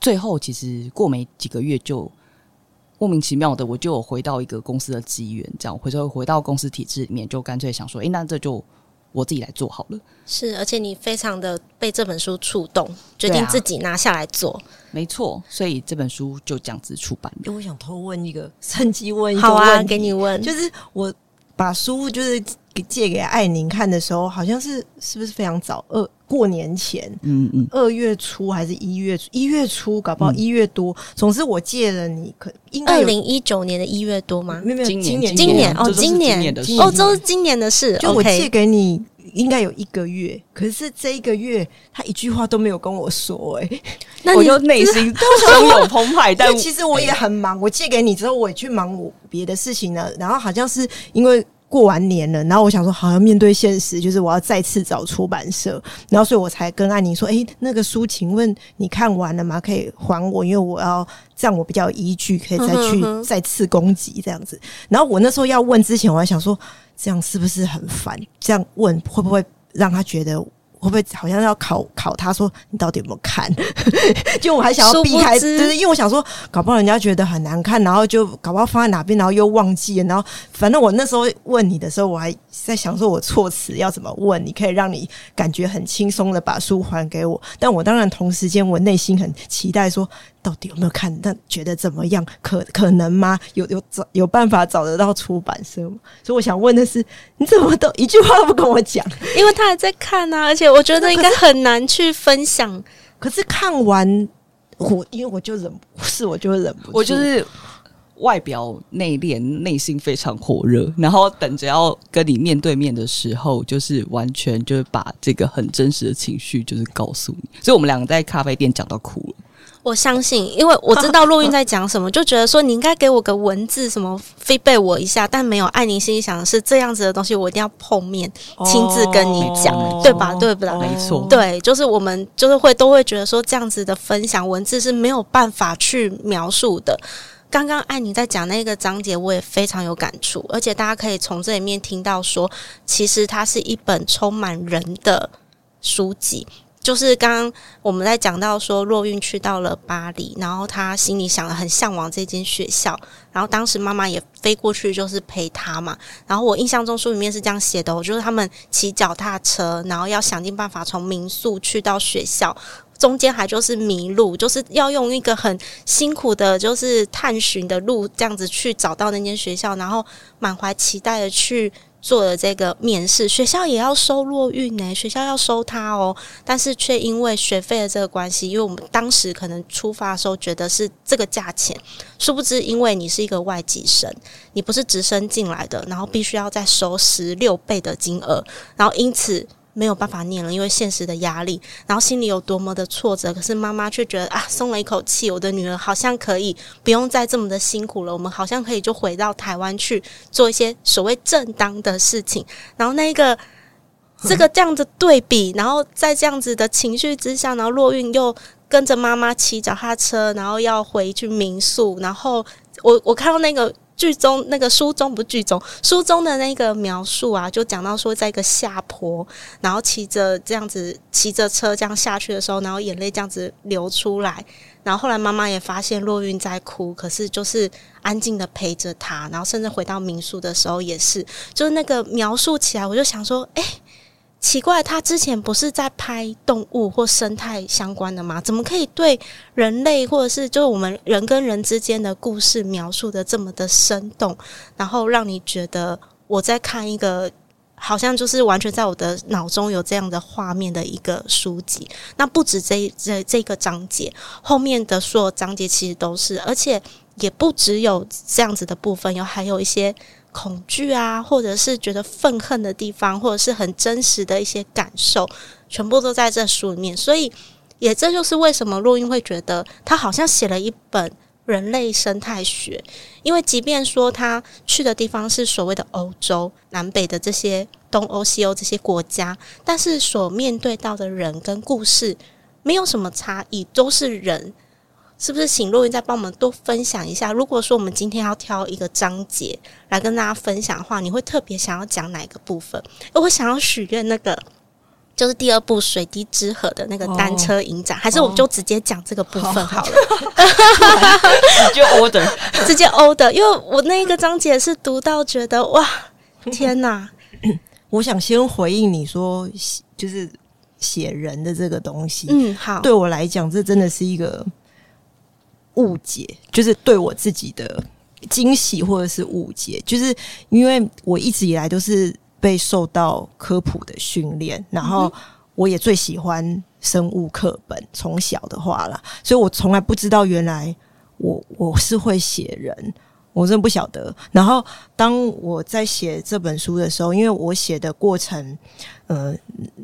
最後，其實過沒幾個月就，就莫名其妙的我就有回到一個公司的機緣這樣，我回頭回到公司體制裡面，就乾脆想說，哎、欸，那這就。我自己來做好了，是，而且你非常的被這本書觸動，決定自己拿下來做，啊、沒錯，所以這本書就這樣子出版了。我想偷問一個，趁機問一個問題。好啊，給你問，就是我把書就是。給借給璦寧看的時候，好像是是不是非常早？二過年前，嗯嗯，二月初還是一月一月初，搞不好一月多。總之，我借了你，可應該二零一九年的一月多嗎？沒有，今年今年哦，今年的哦，都是今年的事。就我借給你，應該有一個月。可是這一個月，他一句話都沒有跟我說，誒，那你就內心洶湧澎湃。但其實我也很忙，我借給你之後，我也去忙我別的事情了。然後好像是因為。過完年了，然後我想說，好像面對現實，就是我要再次找出版社，然後所以我才跟璦寧說：“誒、欸，那個書，請問你看完了嗎？可以還我，因為我要這樣，我比較有依據，可以再去再次攻擊這樣子。”然後我那時候要問之前，我還想說，這樣是不是很煩？這樣問會不會讓他覺得？我會不會好像要考考他說，你到底有沒有看？就 我還想要避開，就是因為我想說，搞不好人家覺得很難看，然後就搞不好放在哪邊，然後又忘記了。然後反正我那時候問你的時候，我還在想說我措辭要怎麼問，你可以讓你感覺很輕鬆的把書還給我。但我當然同時間，我內心很期待說。到底有沒有看？那覺得怎麼樣？可可能嗎？有有找有辦法找得到出版社嗎？所以我想問的是，你怎麼都一句話都不跟我講？因為他還在看啊。而且我覺得應該很難去分享。可是，可是看完我，因為我就忍不，是我就會忍不住，我就是外表內斂，內心非常火熱，然後等着要跟你面對面的時候，就是完全就是把這個很真實的情緒就是告訴你。所以我們兩個在咖啡店講到哭了。我相信，因為我知道若韻在講什麼， 就覺得說你應該給我個文字，什麼 feedback 我一下。但沒有，璦寧心裡想的是這樣子的東西，我一定要碰面，親、哦、自跟你講所，對吧？對不啦？沒錯，對，就是我們就是會都會覺得說這樣子的分享文字是沒有辦法去描述的。剛剛璦寧在講那個章節，我也非常有感觸，而且大家可以從這裡面聽到說，其實它是一本充滿人的書籍。就是剛剛我們在講到說，若韻去到了巴黎，然後他心裡想得很嚮往這間學校，然後當時媽媽也飛過去就是陪他嘛。然後我印象中書裡面是這樣寫的，哦，我就是他們騎腳踏車，然後要想盡辦法從民宿去到學校，中間還就是迷路，就是要用一個很辛苦的，就是探尋的路這樣子去找到那間學校，然後滿懷期待的去。做了這個面試，學校也要收落運哎、欸，學校要收他哦，但是卻因為學費的這個關係，因為我們當時可能出發的時候覺得是這個價錢，殊不知因為你是一個外籍生，你不是直升進來的，然後必須要再收十六倍的金額，然後因此。沒有辦法念了，因為現實的壓力，然後心裡有多麼的挫折，可是媽媽卻覺得啊，鬆了一口氣，我的女兒好像可以不用再這麼的辛苦了，我們好像可以就回到台灣去做一些所謂正當的事情。然後那個這個這樣子對比，然後在這樣子的情緒之下，然後若韻又跟着媽媽騎腳踏車，然後要回去民宿。然後我我看到那個。劇中那個書中不是劇中書中的那個描述啊，就講到說在一個下坡，然後騎着這樣子騎着車這樣下去的時候，然後眼淚這樣子流出來，然後後來媽媽也發現若韻在哭，可是就是安靜的陪着她，然後甚至回到民宿的時候也是，就是那個描述起來，我就想說，誒、欸。奇怪，他之前不是在拍動物或生態相關的嗎？怎麼可以對人類或者是就是我們人跟人之間的故事描述的這麼的生動，然後讓你覺得我在看一個好像就是完全在我的腦中有這樣的畫面的一個書籍？那不止這這這一個章節，後面的所有章節其實都是，而且也不只有這樣子的部分，有還有一些。恐懼啊，或者是覺得憤恨的地方，或者是很真實的一些感受，全部都在這書裡面。所以，也這就是為什麼若韻會覺得他好像寫了一本人類生態學。因為即便說他去的地方是所謂的歐洲南北的這些東歐、西歐這些國家，但是所面對到的人跟故事沒有什麼差異，都是人。是不是請若韻再幫我們多分享一下？如果說我們今天要挑一個章節來跟大家分享的話，你會特別想要講哪一個部分？我想要許願那個，就是第二部《水滴之河》的那個單車影展，還是我們就直接講這個部分好了？直接、oh, oh. order， 直接 order，因為我那個章節是讀到覺得哇，天哪、嗯！我想先回應你說，就是寫人的這個東西，嗯，好，對我來講，這真的是一個。誤解就是對我自己的驚喜，或者是誤解，就是因為我一直以來都是被受到科普的訓練，然後我也最喜歡生物課本，從小的話啦，所以我從來不知道原來我我是會寫人，我真的不曉得。然後當我在寫這本書的時候，因為我寫的過程。呃，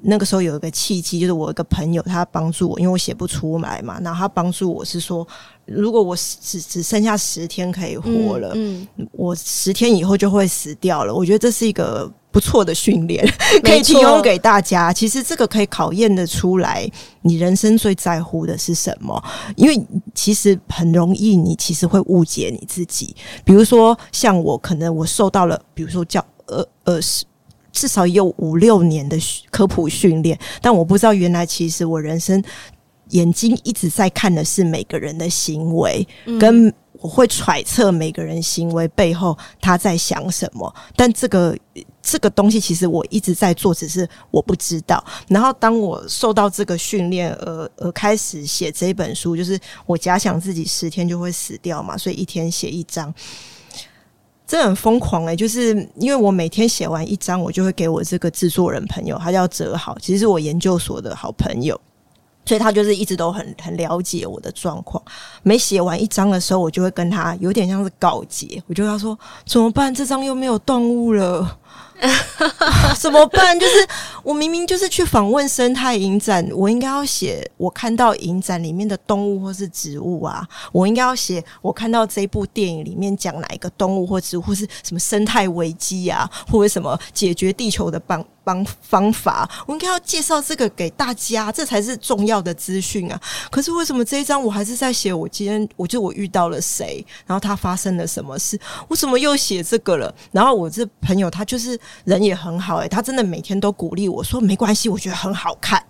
那個時候有一個契機，就是我一個朋友他幫助我，因為我寫不出來嘛。然後他幫助我是說，如果我只只剩下十天可以活了，嗯，嗯我十天以後就會死掉了。我覺得這是一個不錯的訓練，沒錯。可以提供給大家。其實這個可以考驗得出來，你人生最在乎的是什麼？因為其實很容易，你其實會誤解你自己。比如說，像我可能我受到了，比如說叫呃呃是。至少有五六年的科普訓練，但我不知道原來其實我人生眼睛一直在看的是每個人的行為，跟我會揣測每個人行為背後他在想什麼。但這個這個東西其實我一直在做，只是我不知道。然後當我受到這個訓練，而而開始寫這本書，就是我假想自己十天就會死掉嘛，所以一天寫一章。這很瘋狂誒、欸，就是因為我每天寫完一章，我就會給我這個制作人朋友，他叫哲豪，其實是我研究所的好朋友，所以他就是一直都很很了解我的狀況。每寫完一章的時候，我就會跟他有點像是告誡，我就跟他說怎麼辦？這章又沒有動物了。怎 麼辦？就是我明明就是去訪問生態影展，我應該要寫我看到影展裡面的動物或是植物啊，我應該要寫我看到這部電影裡面講哪一個動物或植物或是什麼生態危機啊，或者什麼解決地球的辦方方法，我應該要介紹這個給大家，這才是重要的資訊啊！可是為什麼這一章我還是在寫？我今天，我就我遇到了誰，然後他發生了什麼事？我怎麼又寫這個了？然後我這朋友他就是人也很好、欸，誒，他真的每天都鼓勵我說沒關係，我覺得很好看。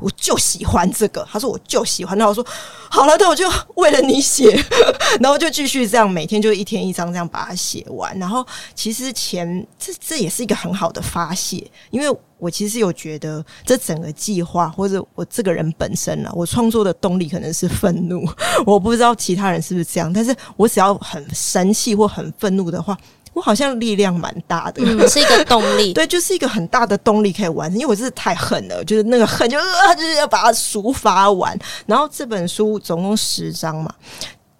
我就喜歡這個，他說我就喜歡，那我說好了，那我就為了你寫呵呵，然後就繼續這樣，每天就一天一張這樣把它寫完。然後其實前，這這也是一個很好的發洩，因為我其實有覺得這整個計劃或者我這個人本身啊，我創作的動力可能是憤怒，我不知道其他人是不是這樣，但是我只要很生氣或很憤怒的話，我好像力量蠻大的，嗯，是一個動力， 對，就是一個很大的動力可以完成。因為我真的太狠了，就是那個狠就，呃，就是就是要把它抒發完。然後這本書總共十章嘛，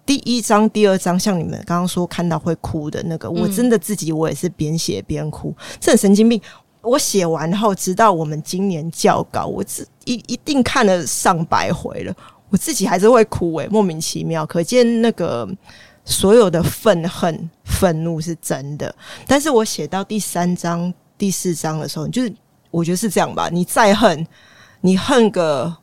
第一章，第二章，像你們剛剛說看到會哭的那個，嗯、我真的自己我也是邊寫邊哭，這很神經病。我寫完後，直到我們今年校稿，我自一一定看了上百回了，我自己還是會哭誒，欸，莫名其妙，可見那個。所有的憤恨、憤怒是真的，但是我寫到第三章、第四章的時候，就是我覺得是這樣吧。你再恨，你恨個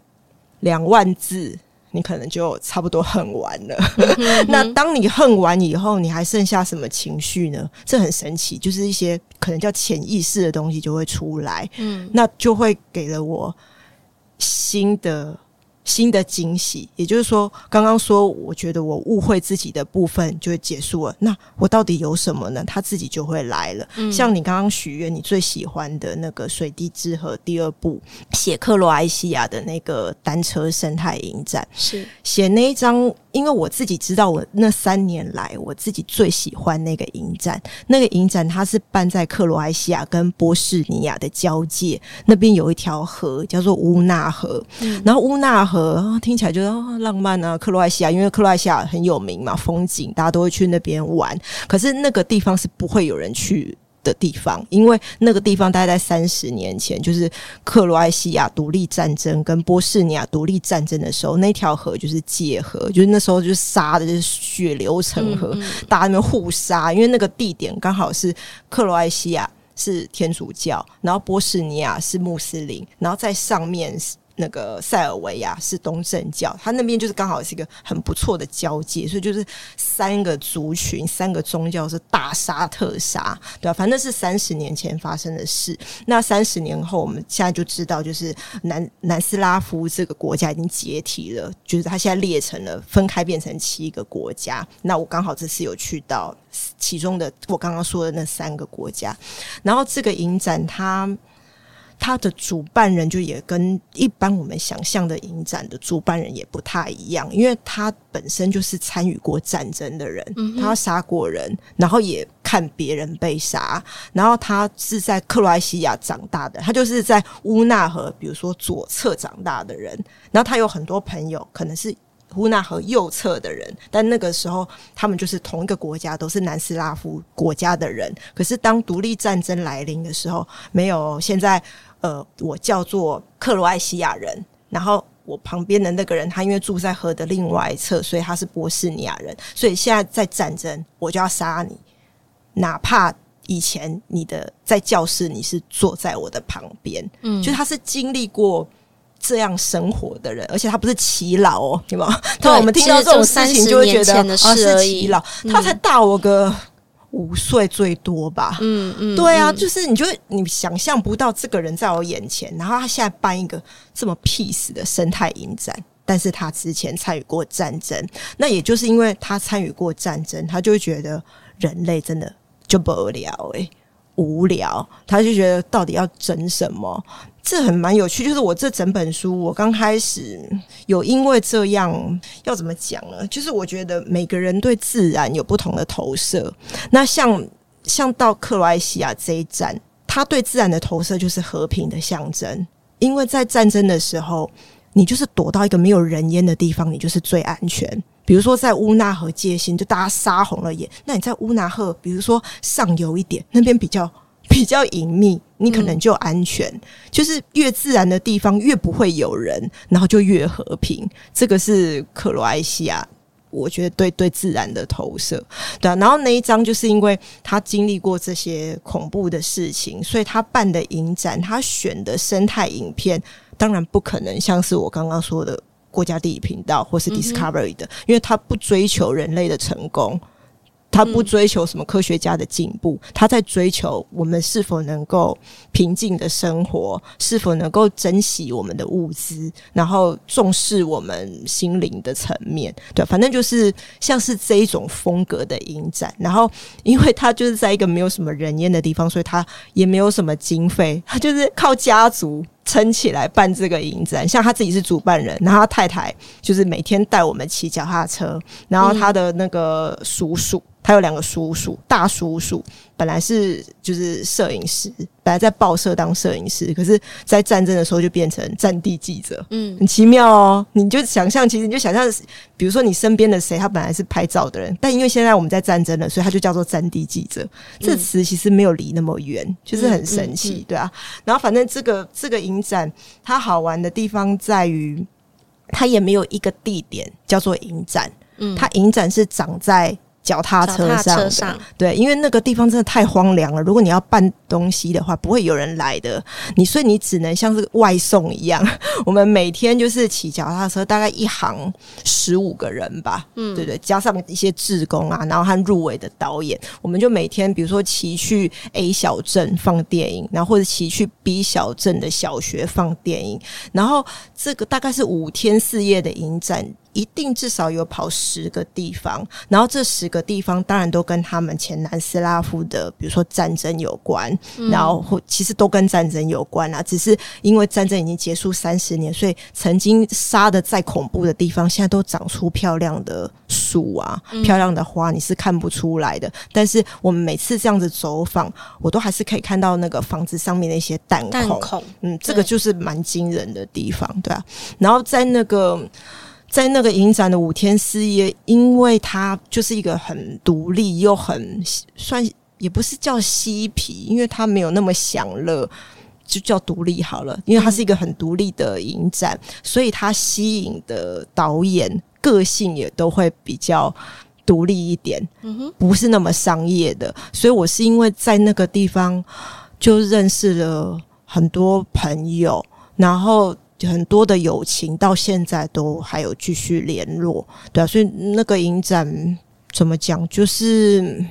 兩萬字，你可能就差不多恨完了。嗯嗯 那當你恨完以後，你還剩下什麼情緒呢？這很神奇，就是一些可能叫潛意識的東西就會出來。嗯，那就會給了我新的。新的驚喜，也就是說，剛剛說我覺得我誤會自己的部分就結束了。那我到底有什麼呢？他自己就會來了。嗯、像你剛剛許願，你最喜歡的那個《水滴之河》第二部，寫克羅埃西亞的那個單車生態影展，是寫那一張，因為我自己知道，我那三年來我自己最喜歡那個影展，那個影展它是辦在克羅埃西亞跟波士尼亞的交界那邊，有一條河叫做烏納河，嗯、然後烏納河。河聽起來就是浪漫啊，克羅埃西亞，因為克羅埃西亞很有名嘛，風景大家都會去那邊玩。可是那個地方是不會有人去的地方，因為那個地方大概在三十年前，就是克羅埃西亞獨立戰爭跟波士尼亞獨立戰爭的時候，那條河就是界河，就是那時候就是殺的，就是血流成河，嗯嗯，大家們互殺，因為那個地點剛好是克羅埃西亞是天主教，然後波士尼亞是穆斯林，然後在上面是。那個塞爾維亞是東正教，他那邊就是剛好是一個很不錯的交界，所以就是三個族群、三個宗教是大殺特殺，對吧，啊？反正是三十年前發生的事。那三十年後，我們現在就知道，就是南南斯拉夫這個國家已經解體了，就是它現在裂成了分開，變成七個國家。那我剛好這次有去到其中的我剛剛說的那三個國家，然後這個影展它。他的主辦人就也跟一般我們想象的影展的主辦人也不太一樣，因為他本身就是參與過戰爭的人，嗯、哼他殺過人，然後也看別人被殺，然後他是在克羅埃西亞長大的，他就是在烏娜河，比如說左側長大的人，然後他有很多朋友，可能是。烏娜河右側的人，但那個時候他們就是同一個國家，都是南斯拉夫國家的人。可是當獨立戰爭來臨的時候，沒有現在。呃，我叫做克羅埃西亞人，然後我旁邊的那個人，他因為住在河的另外一側，所以他是波士尼亞人。所以現在在戰爭，我就要殺你，哪怕以前你的在教室你是坐在我的旁邊，嗯，就他是經歷過。這樣生活的人，而且他不是耆老哦、喔，有有對嗎？當我們聽到這種事情，就會覺得啊、哦、是耆老，嗯、他才大我個五歲最多吧？嗯嗯，嗯對啊，就是你就你想象不到這個人在我眼前，嗯、然後他現在辦一個這麼 peace 的生態影展，但是他之前參與過戰爭，那也就是因為他參與過戰爭，他就會覺得人類真的就不無聊哎、欸，無聊，他就覺得到底要整什麼？這很蠻有趣，就是我這整本書，我剛開始有因為這樣要怎麼講呢？就是我覺得每個人對自然有不同的投射。那像像到克羅埃西亞這一站，他對自然的投射就是和平的象徵，因為在戰爭的時候，你就是躲到一個沒有人煙的地方，你就是最安全。比如說在烏納河界心，就大家殺紅了眼，那你在烏納河，比如說上游一點，那邊比較。比較隱秘，你可能就安全。嗯、就是越自然的地方，越不會有人，然後就越和平。這個是克羅埃西亞，我覺得對對自然的投射。對啊，然後那一張就是因為他經歷過這些恐怖的事情，所以他辦的影展，他選的生態影片，當然不可能像是我剛剛說的國家地理頻道或是 Discovery 的，嗯、哼因為他不追求人類的成功。他不追求什麼科學家的進步，嗯、他在追求我們是否能夠平靜的生活，是否能夠珍惜我們的物資，然後重視我們心靈的層面。對，反正就是像是這一種風格的影展。然後，因為他就是在一個沒有什麼人煙的地方，所以他也沒有什麼經費，他就是靠家族。撐起來辦這個影展，像他自己是主辦人，然後他太太就是每天帶我們騎腳踏車，然後他的那個叔叔，嗯、他有兩個叔叔，大叔叔。本來是就是攝影師，本來在報社當攝影師，可是，在戰爭的時候就變成戰地記者。嗯，很奇妙哦。你就想象，其實你就想象，比如說你身邊的誰，他本來是拍照的人，但因為現在我們在戰爭了，所以他就叫做戰地記者。嗯，這詞其實沒有離那麼遠，就是很神奇，嗯，嗯，嗯，對啊。然後，反正這個這個影展，它好玩的地方在於，它也沒有一個地點叫做影展。嗯，它影展是長在。腳踏，踏車上，對，因為那個地方真的太荒涼了。如果你要辦東西的話，不會有人來的。你所以你只能像是外送一樣，我們每天就是騎腳踏車，大概一行十五個人吧。嗯，對，對對，加上一些志工啊，然後和入圍的導演，我們就每天比如說騎去 A 小鎮放電影，然後或者騎去 B 小鎮的小學放電影。然後這個大概是五天四夜的影展。一定至少有跑十個地方，然後這十個地方當然都跟他們前南斯拉夫的，比如說戰爭有關，嗯、然後或其實都跟戰爭有關啦、啊。只是因為戰爭已經結束三十年，所以曾經殺得再恐怖的地方，現在都長出漂亮的樹啊，嗯、漂亮的花，你是看不出來的。但是我們每次這樣子走訪，我都還是可以看到那個房子上面的一些彈孔。彈孔嗯，對這個就是蠻驚人的地方，對吧、啊？然後在那個。在那個影展的五天四夜，因為他就是一個很獨立又很算也不是叫嬉皮，因為他沒有那麼享樂，就叫獨立好了，因為他是一個很獨立的影展，所以他吸引的導演個性也都會比較獨立一點，嗯哼，不是那麼商業的。所以我是因為在那個地方就認識了很多朋友，然後。很多的友情到現在都還有繼續聯絡，對啊，所以那個影展怎麼講？就是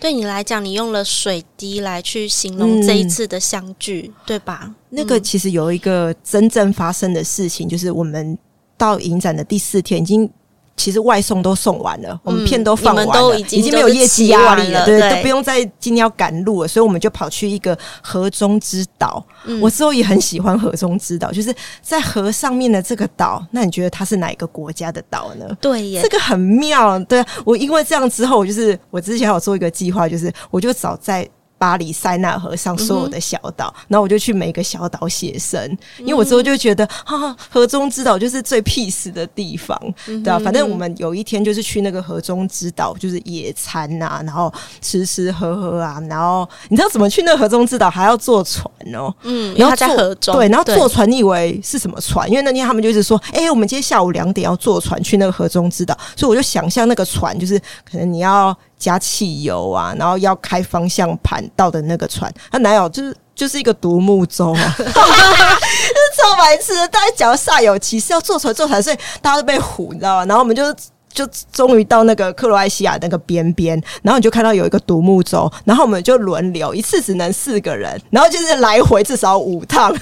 對你來講，你用了水滴來去形容這一次的相聚，嗯、對吧？那個其實有一個真正發生的事情，嗯、就是我們到影展的第四天已經。其實外送都送完了，嗯、我們片都放完了，已經沒有業績壓力了，對，對都不用再今天要趕路了，所以我們就跑去一個河中之島。嗯、我之後也很喜歡河中之島，就是在河上面的這個島。那你覺得它是哪一個國家的島呢？對耶，這個很妙。對、啊，我因為這樣之後，我就是我之前還有做一個計劃，就是我就早在。巴黎塞納河上所有的小島，嗯、哼然後我就去每個小島寫生，嗯、哼因為我之後就覺得，哈，哈，河中之島就是最 peace 的地方，嗯、哼對吧？反正我們有一天就是去那個河中之島，就是野餐啊，然後吃吃喝喝啊，然後你知道怎麼去那個河中之島還要坐船哦、喔，嗯，然後在河中，對，然後坐船你以為是什麼船？對因為那天他們就是說，哎、欸，我們今天下午兩點要坐船去那個河中之島，所以我就想象那個船就是可能你要。加汽油啊，然後要開方向盤到的那個船，他哪有，就是就是一個獨木舟，啊。哈哈哈哈，是超白痴！大家講要煞有其事要坐船坐船，所以大家都被唬，你知道嗎？然後我們就就終於到那個克羅埃西亞那個邊邊，然後你就看到有一個獨木舟，然後我們就輪流一次只能四個人，然後就是來回至少五趟，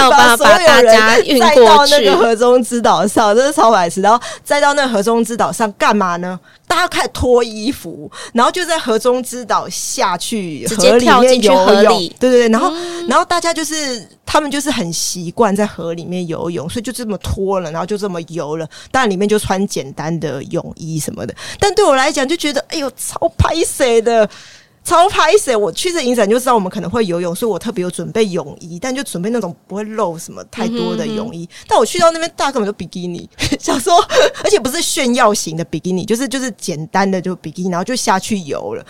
把 吧把大家運過去到那個河中之島上，這是超白痴。然後再到那個河中之島上幹嘛呢？大家開始脫衣服，然後就在河中之島下去河裡面游泳，對對對，然後、嗯、然後大家就是他們就是很習慣在河裡面游泳，所以就這麼脫了，然後就這麼游了，但裡面就穿簡單的泳衣什麼的。但對我來講，就覺得哎喲，超怕水的。超拍死！我去這影展就知道我們可能會游泳，所以我特別有準備泳衣，但就準備那種不會露什麼太多的泳衣。嗯、哼但我去到那邊，大家根本就比基尼，想說，而且不是炫耀型的比基尼，就是就是簡單的就比基尼，然後就下去游了。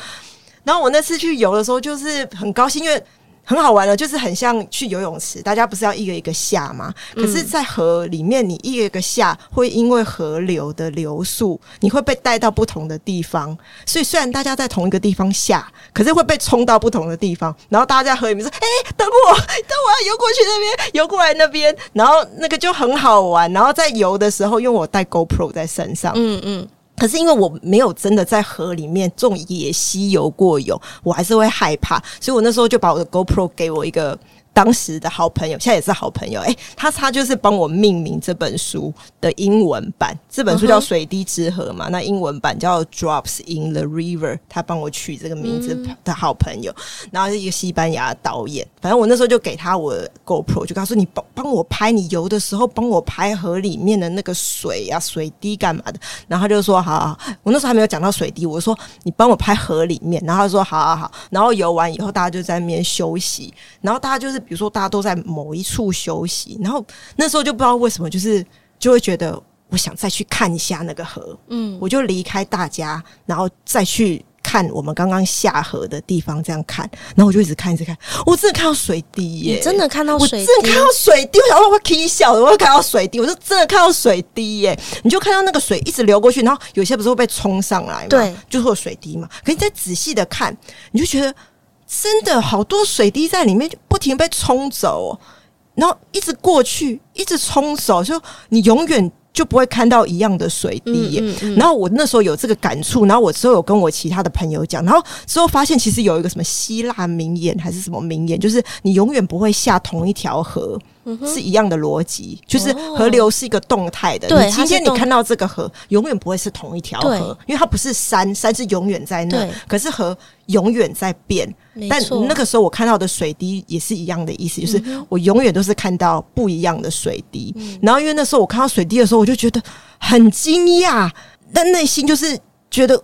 然後我那次去游的時候，就是很高興，因為。很好玩的，就是很像去游泳池，大家不是要一個一個下嗎？可是，在河裡面，你一個一個下，會因為河流的流速，你會被帶到不同的地方。所以，雖然大家在同一個地方下，可是會被沖到不同的地方。然後，大家在河裡面說：“哎、欸，等我，等我要游過去那邊，游過來那邊。”然後那個就很好玩。然後在游的時候，因為我帶 GoPro 在身上，嗯嗯。嗯可是因為我沒有真的在河裡面種野溪游過泳，我還是會害怕，所以我那時候就把我的 GoPro 給我一個。當時的好朋友，現在也是好朋友。哎、欸，他他就是幫我命名這本書的英文版。這本書叫《水滴之河》嘛，那英文版叫《Drops in the River》。他幫我取這個名字的好朋友，嗯、然後是一個西班牙的導演。反正我那時候就給他我 GoPro，就跟他說你幫幫我拍你游的時候，幫我拍河裡面的那個水啊、水滴幹嘛的。然後他就說，好好好。我那時候還沒有講到水滴，我說你幫我拍河裡面。然後他說，好好好。然後游完以後，大家就在那邊休息。然後大家就是。比如說，大家都在某一處休息，然後那時候就不知道為什麼，就是就會覺得我想再去看一下那個河，嗯，我就離開大家，然後再去看我們剛剛下河的地方，這樣看，然後我就一直看，一直看，我真的看到水滴、欸，真的看到水，真的看到水滴，然後我，我，我會啼笑的，我會看到水滴，我就真的看到水滴耶，欸！你就看到那個水一直流過去，然後有些不是會被衝上來嘛？對，就是有水滴嘛。可你再仔細的看，你就覺得。真的好多水滴在裡面就不停被沖走，然後一直過去，一直沖走，就你永遠就不會看到一樣的水滴。嗯嗯嗯、然後我那時候有這個感觸，然後我之後有跟我其他的朋友講，然後之後發現其實有一個什麼希臘名言還是什麼名言，就是你永遠不會下同一條河，嗯、哼是一樣的邏輯，就是河流是一個動態的。對、哦，你今天你看到這個河，永遠不會是同一條河，對因為它不是山，山是永遠在那，對可是河永遠在變。但那個時候我看到的水滴也是一樣的意思，嗯哼。就是我永遠都是看到不一樣的水滴。嗯。然後因為那時候我看到水滴的時候，我就覺得很驚訝，但內心就是覺得。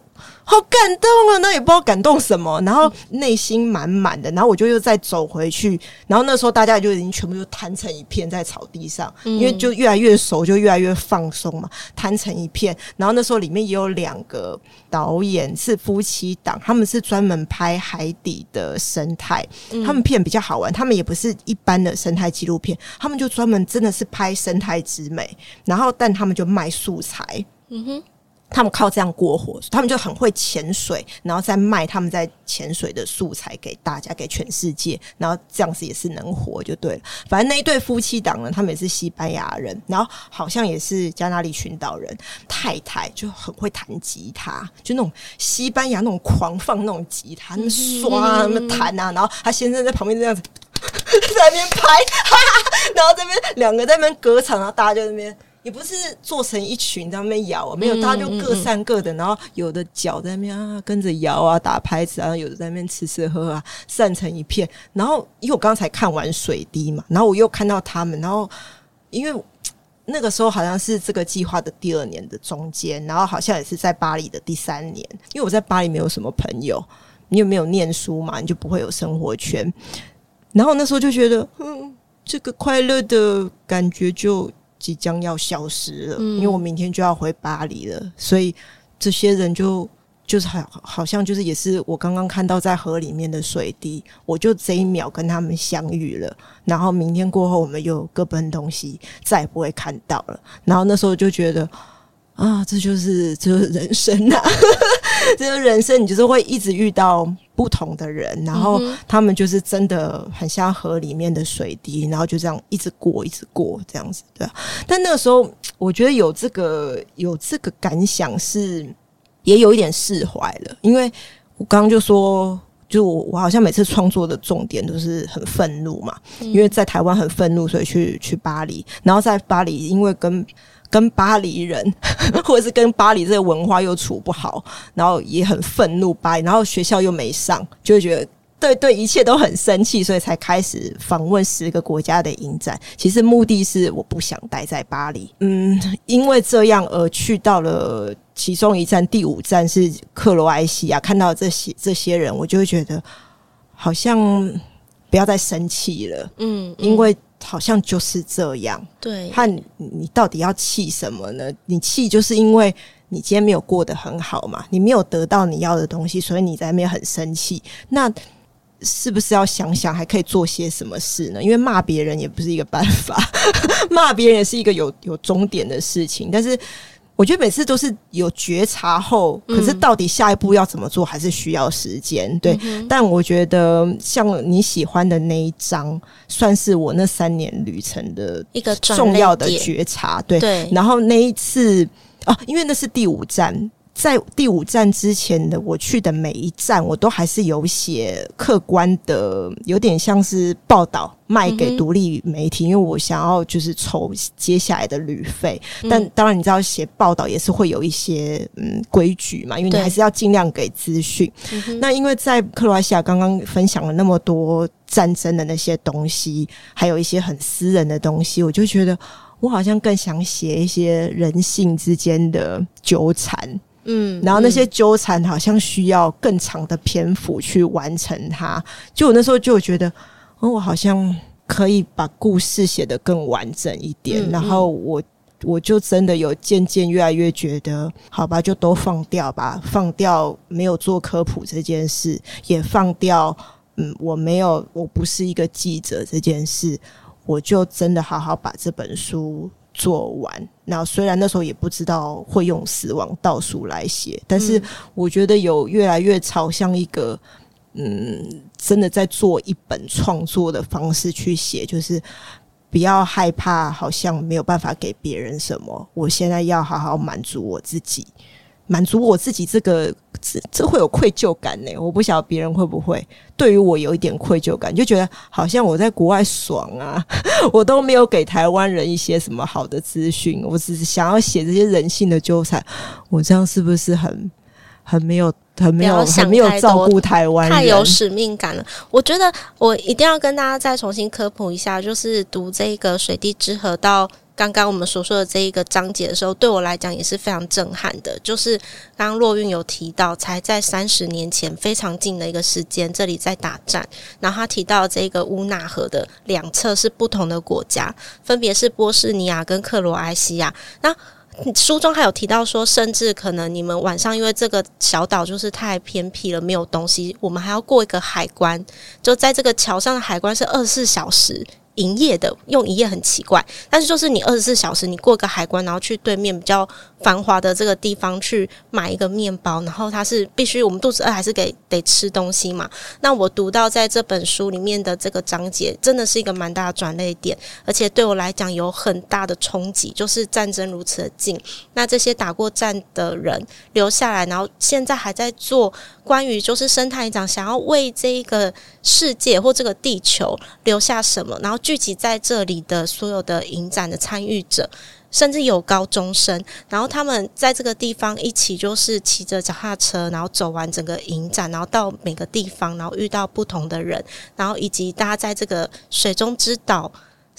好感動了、啊，那也不知道感動什麼，然後內心滿滿的，然後我就又再走回去，然後那時候大家就已經全部就攤成一片在草地上，嗯、因為就越來越熟，就越來越放鬆嘛，攤成一片。然後那時候裡面也有兩個導演是夫妻檔，他們是專門拍海底的生態，嗯、他們片比較好玩，他們也不是一般的生態紀錄片，他們就專門真的是拍生態之美，然後但他們就賣素材。嗯哼。他們靠這樣過活，他們就很會潛水，然後再賣他們在潛水的素材給大家，給全世界，然後這樣子也是能活就對了。反正那一對夫妻檔呢，他們也是西班牙人，然後好像也是加那利群島人。太太就很會彈吉他，就那種西班牙那種狂放那種吉他，那唰啊，那彈啊，然後他先生在旁邊這樣子 在那邊拍哈哈，然後這邊兩個在那邊歌唱，然後大家就在那邊。也不是做成一群在那邊搖、啊，沒有，大家就各散各的。嗯嗯嗯，然後有的腳在那邊啊，跟着搖啊，打拍子啊；有的在那邊吃吃喝喝、啊，散成一片。然後因為我剛才看完水滴嘛，然後我又看到他們。然後因為那個時候好像是這個計劃的第二年的中間，然後好像也是在巴黎的第三年。因為我在巴黎沒有什麼朋友，你又沒有念書嘛，你就不會有生活圈。然後那時候就覺得，嗯，這個快樂的感覺就。即將要消失了，嗯、因為我明天就要回巴黎了，所以這些人就就是好，好像就是也是我剛剛看到在河裡面的水滴，我就這一秒跟他們相遇了，然後明天過後我們又各奔東西，再也不會看到了。然後那時候就覺得啊，這就是這就是人生吶，啊， 這就是人生，你就是會一直遇到。不同的人，然後他們就是真的很像河裡面的水滴，然後就這樣一直過，一直過這樣子對啊。但那個時候，我覺得有這個有這個感想是也有一點釋懷了，因為我剛剛就說，就我,我好像每次創作的重點都是很憤怒嘛，嗯、因為在台灣很憤怒，所以去去巴黎，然後在巴黎因為跟。跟巴黎人，或者是跟巴黎這個文化又處不好，然後也很憤怒吧。然後學校又沒上，就會覺得對對一切都很生氣，所以才開始訪問十個國家的影展。其實目的是我不想待在巴黎，嗯，因為這樣而去到了其中一站，第五站是克羅埃西亞，看到這些這些人，我就會覺得好像不要再生氣了，嗯，嗯，因為。好像就是這樣，對呀。那你你到底要氣什麼呢？你氣就是因為你今天沒有過得很好嘛，你沒有得到你要的東西，所以你在那邊很生氣。那是不是要想想還可以做些什麼事呢？因為罵別人也不是一個辦法，罵 別人也是一個有有終點的事情，但是。我覺得每次都是有覺察後，可是到底下一步要怎麼做，還是需要時間。嗯、對，嗯、哼但我覺得像你喜歡的那一章算是我那三年旅程的一個重要的覺察。對，對然後那一次，哦、啊，因為那是第五站。在第五站之前的我去的每一站，我都還是有寫客觀的，有點像是報道賣給獨立媒體，嗯、哼因為我想要就是籌接下來的旅費。但當然，你知道寫報道也是會有一些嗯規矩嘛，因為你還是要盡量給資訊。對那因為在克羅埃西亞剛剛分享了那麼多戰爭的那些東西，還有一些很私人的東西，我就覺得我好像更想寫一些人性之間的糾纏。嗯，然後那些糾纏好像需要更長的篇幅去完成它。嗯，就我那時候就覺得，哦，我好像可以把故事寫得更完整一點。嗯，然後我我就真的有漸漸越來越覺得，好吧，就都放掉吧，放掉沒有做科普這件事，也放掉嗯，我沒有我不是一個記者這件事，我就真的好好把這本書做完。那雖然那時候也不知道會用死亡倒數來寫，但是我覺得有越來越朝向一個嗯，嗯，真的在做一本創作的方式去寫，就是不要害怕，好像沒有辦法給別人什麼，我現在要好好滿足我自己。滿足我自己，這個這這會有愧疚感呢、欸。我不曉得別人會不會對於我有一點愧疚感，就覺得好像我在國外爽啊，我都沒有給台灣人一些什麼好的資訊。我只是想要寫這些人性的糾纏，我這樣是不是很很沒有、很沒有、要想很沒有照顧台灣人？太有使命感了。我覺得我一定要跟大家再重新科普一下，就是讀這個水滴之河到。剛剛我們所說的這一個章節的時候，對我來講也是非常震撼的。就是剛剛若韻有提到，才在三十年前非常近的一個時間，這裡在打仗。然後他提到這個烏納河的兩側是不同的國家，分別是波士尼亞跟克羅埃西亞。那書中還有提到說，甚至可能你們晚上因為這個小島就是太偏僻了，沒有東西，我們還要過一個海關，就在這個橋上的海關是二十四小時。營業的，用營業很奇怪，但是就是你二十四小時，你過個海關，然後去對面比較繁華的這個地方去買一個麵包，然後它是必須我們肚子餓還是得得吃東西嘛？那我讀到在這本書裡面的這個章節，真的是一個蠻大的轉捩點，而且對我來講有很大的衝擊，就是戰爭如此的近，那這些打過戰的人留下來，然後現在還在做關於就是生態影展，想要為這個世界或這個地球留下什麼，然後，聚集在這裡的所有的影展的參與者，甚至有高中生，然後他們在這個地方一起就是騎着腳踏車，然後走完整個影展，然後到每個地方，然後遇到不同的人，然後以及大家在這個水中之島。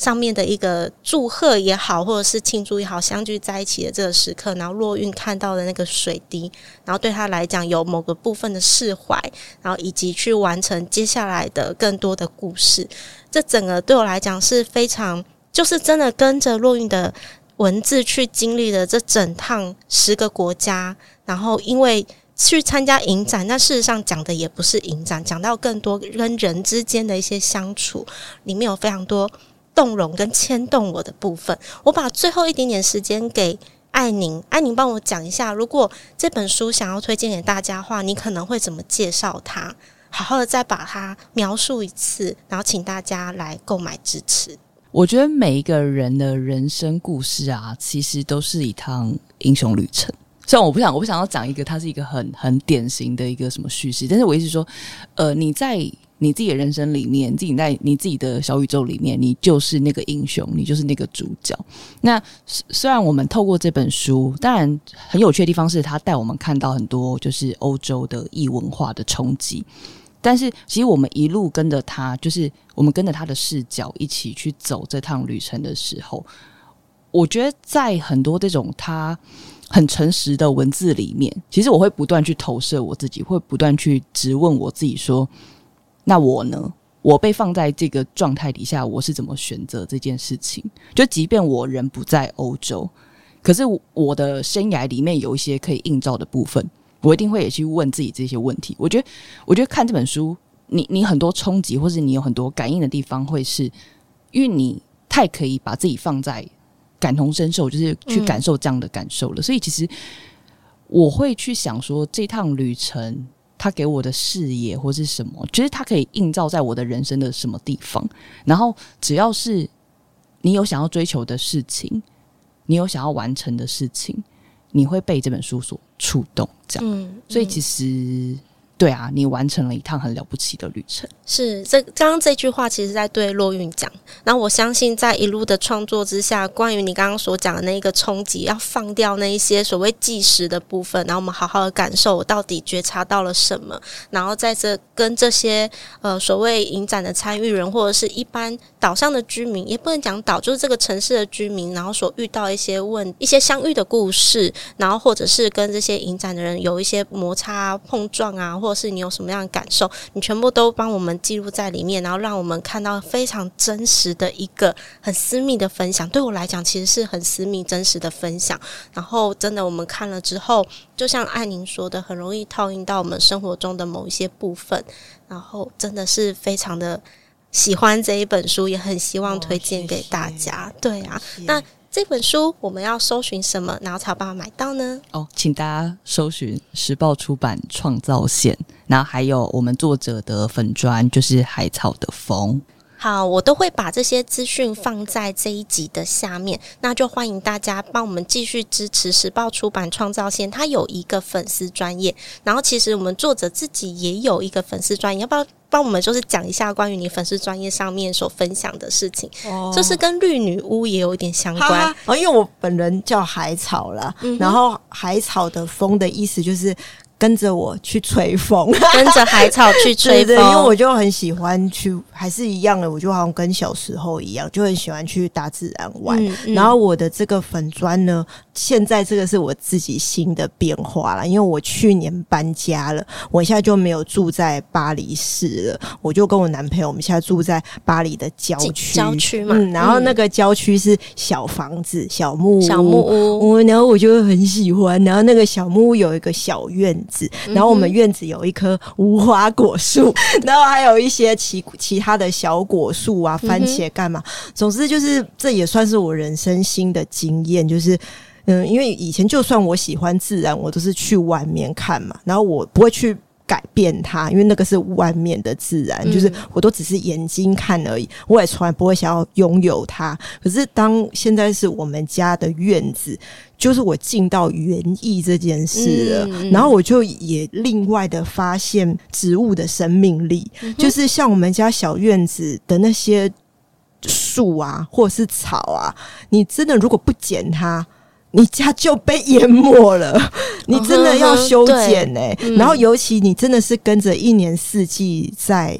上面的一個祝賀也好，或者是慶祝也好，相聚在一起的這個時刻，然後若韻看到的那個水滴，然後對他來講有某個部分的釋懷，然後以及去完成接下來的更多的故事，這整個對我來講是非常，就是真的跟着若韻的文字去經歷了這整趟十個國家，然後因為去參加影展，那事實上講的也不是影展，講到更多跟人之間的一些相處，裡面有非常多。動容跟牽動我的部分，我把最後一點點時間給璦寧，璦寧幫我講一下，如果這本書想要推薦給大家的話，你可能會怎麼介紹它？好好的再把它描述一次，然後請大家來購買支持。我覺得每一個人的人生故事啊，其實都是一趟英雄旅程。雖然我不想，我不想要講一個，它是一個很很典型的一個什麼敘事，但是我一直說，呃，你在。你自己的人生裡面，自己在你自己的小宇宙裡面，你就是那個英雄，你就是那個主角。那雖然我們透過這本書，當然很有趣的地方是，他帶我們看到很多就是歐洲的異文化的衝擊。但是，其實我們一路跟着他，就是我們跟着他的視角一起去走這趟旅程的時候，我覺得在很多這種他很誠實的文字裡面，其實我會不斷去投射我自己，會不斷去質問我自己說。那我呢？我被放在這個狀態底下，我是怎麼選擇這件事情？就即便我人不在歐洲，可是我的生涯裡面有一些可以映照的部分，我一定會也去問自己這些問題。我覺得，我覺得看這本書，你你很多衝擊，或是你有很多感應的地方，會是因為你太可以把自己放在感同身受，就是去感受這樣的感受了。嗯、所以，其實我會去想說，這趟旅程。他給我的視野，或是什麼，其實他可以映照在我的人生的什麼地方。然後，只要是你有想要追求的事情，你有想要完成的事情，你會被這本書所觸動。這樣，嗯、所以其實。對啊，你完成了一趟很了不起的旅程，是這剛剛這句話，其實在對若韻講。那我相信，在一路的創作之下，關於你剛剛所講的那一個衝擊，要放掉那一些所謂計時的部分，然後我們好好的感受我到底覺察到了什麼。然後在這跟這些呃所謂影展的參與人，或者是一般島上的居民，也不能講島，就是這個城市的居民，然後所遇到一些問一些相遇的故事，然後或者是跟這些影展的人有一些摩擦碰撞啊，或或是你有什麼樣的感受，你全部都幫我們記錄在裡面，然後讓我們看到非常真實的一個很私密的分享。對我來講，其實是很私密真實的分享。然後，真的我們看了之後，就像璦寧說的，很容易套用到我們生活中的某一些部分。然後，真的是非常的喜歡這一本書，也很希望推薦給大家。哦、謝謝對啊，謝謝那。這本書我們要搜尋什麼，然後才有辦法買到呢？哦，請大家搜尋《時報出版創造線》，然後還有我們作者的粉專，就是《海草的風》。好，我都會把這些資訊放在這一集的下面。那就歡迎大家幫我們繼續支持《時報出版創造線》，它有一個粉絲專頁。然後，其實我們作者自己也有一個粉絲專頁，要不要？幫我們就是講一下關於你粉絲專頁上面所分享的事情，哦、就是跟綠女巫也有一點相關。啊、哦，因為我本人叫海草啦，嗯、哼然後海草的風的意思就是。跟着我去吹風，跟着海草去吹風 對，對，對，因為我就很喜歡去，還是一樣的，我就好像跟小時候一樣，就很喜歡去大自然玩。嗯、然後我的這個粉專呢，現在這個是我自己新的變化了，因為我去年搬家了，我現在就沒有住在巴黎市了，我就跟我男朋友我們現在住在巴黎的郊區，郊區嘛、嗯。然後那個郊區是小房子、小木屋，小木屋，我然後我就很喜歡。然後那個小木屋有一個小院。然後我們院子，有一棵無花果樹，嗯、哼然後還有一些其其他的小果樹啊，番茄幹嘛？嗯、哼總之就是，這也算是我人生新的經驗，就是，嗯，因為以前就算我喜歡自然，我都是去外面看嘛，然後我不會去。改變它，因為那個是外面的自然，嗯、就是我都只是眼睛看而已，我也從來不會想要擁有它。可是當現在是我們家的院子，就是我進到園藝這件事了，嗯、然後我就也另外的發現植物的生命力，嗯、哼就是像我們家小院子的那些樹啊，或者是草啊，你真的如果不剪它。你家就被淹沒了，你真的要修剪哎、欸！哦、呵呵，然後尤其你真的是跟着一年四季在，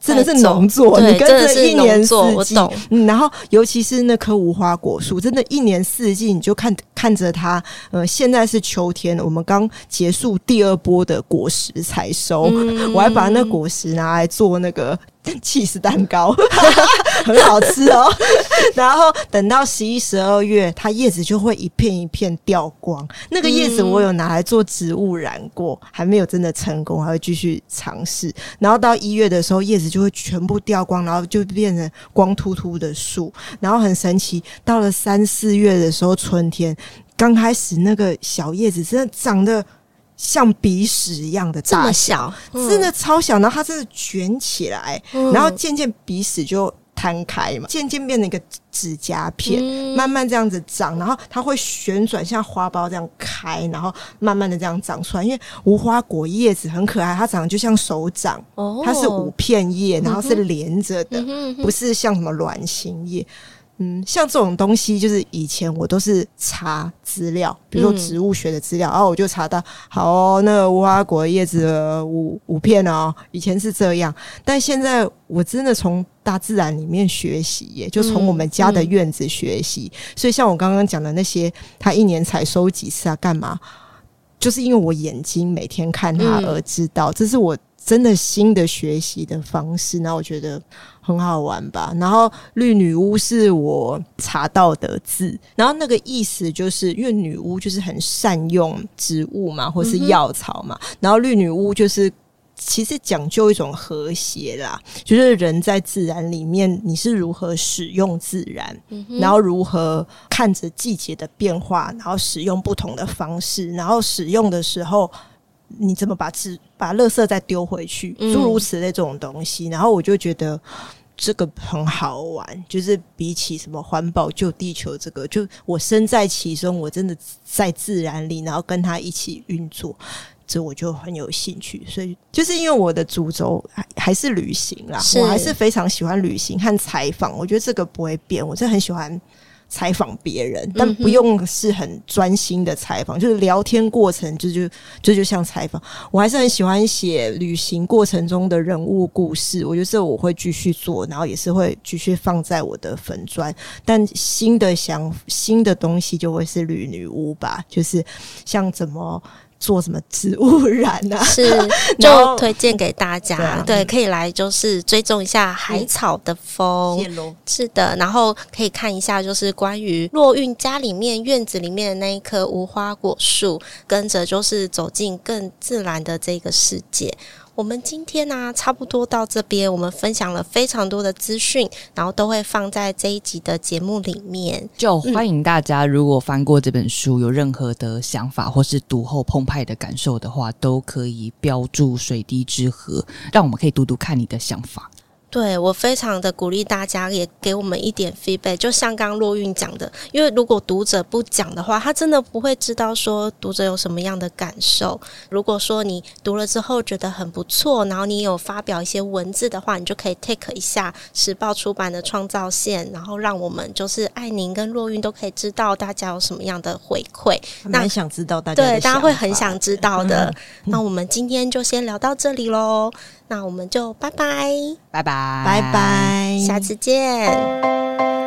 在中真的是農作，對你跟着一年四季。嗯，然後尤其是那棵無花果樹，真的一年四季你就看看着它。呃，現在是秋天，我們剛結束第二波的果實採收，嗯、我還把那果實拿來做那個。起司蛋糕 很好吃哦！ 然後等到十一、十二月，它葉子就會一片一片掉光。嗯、那個葉子我有拿來做植物染過，還沒有真的成功，還會繼續嘗試。然後到一月的時候，葉子就會全部掉光，然後就變成光禿禿的樹。然後很神奇，到了三四月的時候，春天剛開始，那個小葉子真的長得。像鼻屎一樣的大小，這麼小。嗯、真的超小。然後它真的捲起來，嗯、然後漸漸鼻屎就攤開嘛，漸漸變成一個指甲片，嗯、慢慢這樣子長。然後它會旋轉，像花苞這樣開，然後慢慢的這樣長出來。因為無花果葉子很可愛，它長得就像手掌，哦、它是五片葉，然後是連着的，嗯、哼不是像什麼卵形葉。嗯，像這種東西，就是以前我都是查資料，比如說植物學的資料，然後、嗯啊、我就查到，好、哦，那個無花果葉子、呃、五五片哦。以前是這樣，但現在我真的從大自然裡面學習，也就從我們家的院子學習。嗯嗯、所以，像我剛剛講的那些，他一年才收幾次啊？幹嘛？就是因為我眼睛每天看他而知道，嗯、這是我真的新的學習的方式。那我覺得。很好玩吧？然後綠女巫是我查到的字，然後那個意思就是因為女巫就是很善用植物嘛，或是藥草嘛。嗯、哼然後綠女巫就是其實講究一種和諧啦，就是人在自然裡面，你是如何使用自然，嗯、哼然後如何看着季節的變化，然後使用不同的方式，然後使用的時候。你怎麼把自把垃圾再丟回去？諸如此類這種東西，然後我就覺得這個很好玩，就是比起什麼環保救地球這個，就我身在其中，我真的在自然裡，然後跟他一起運作，這我就很有興趣。所以就是因為我的主軸還是旅行啦，是 我還是非常喜歡旅行和採訪，我覺得這個不會變，我真的很喜歡。採訪別人，但不用是很專心的採訪，嗯、哼就是聊天過程就就，就就就就像採訪。我還是很喜歡寫旅行過程中的人物故事，我覺得這我會繼續做，然後也是會繼續放在我的粉專。但新的想新的東西，就會是旅女巫吧，就是像怎麼。做什麼植物染呢、啊？是，就推薦給大家，後對，可以來就是追蹤一下海草的風。嗯、是的，然後可以看一下就是關於若韻家裡面院子裡面的那一棵無花果樹，跟着就是走進更自然的這個世界。我們今天呢、啊，差不多到這邊。我們分享了非常多的資訊，然後都會放在這一集的節目裡面。就歡迎大家，如果翻過這本書，嗯、有任何的想法或是讀後澎湃的感受的話，都可以標註“水滴之河”，讓我們可以讀讀看你的想法。對我非常的鼓勵，大家也給我們一點 feedback。就像剛若韻講的，因為如果讀者不講的話，他真的不會知道說讀者有什麼樣的感受。如果說你讀了之後覺得很不錯，然後你有發表一些文字的話，你就可以 take 一下時報出版的創造線，然後讓我們就是璦寧跟若韻都可以知道大家有什麼樣的回饋。很還蠻 那想知道大家的，對大家會很想知道的。嗯、哼那我們今天就先聊到這裡嘍。那我們就拜拜，拜拜，拜拜，下次見。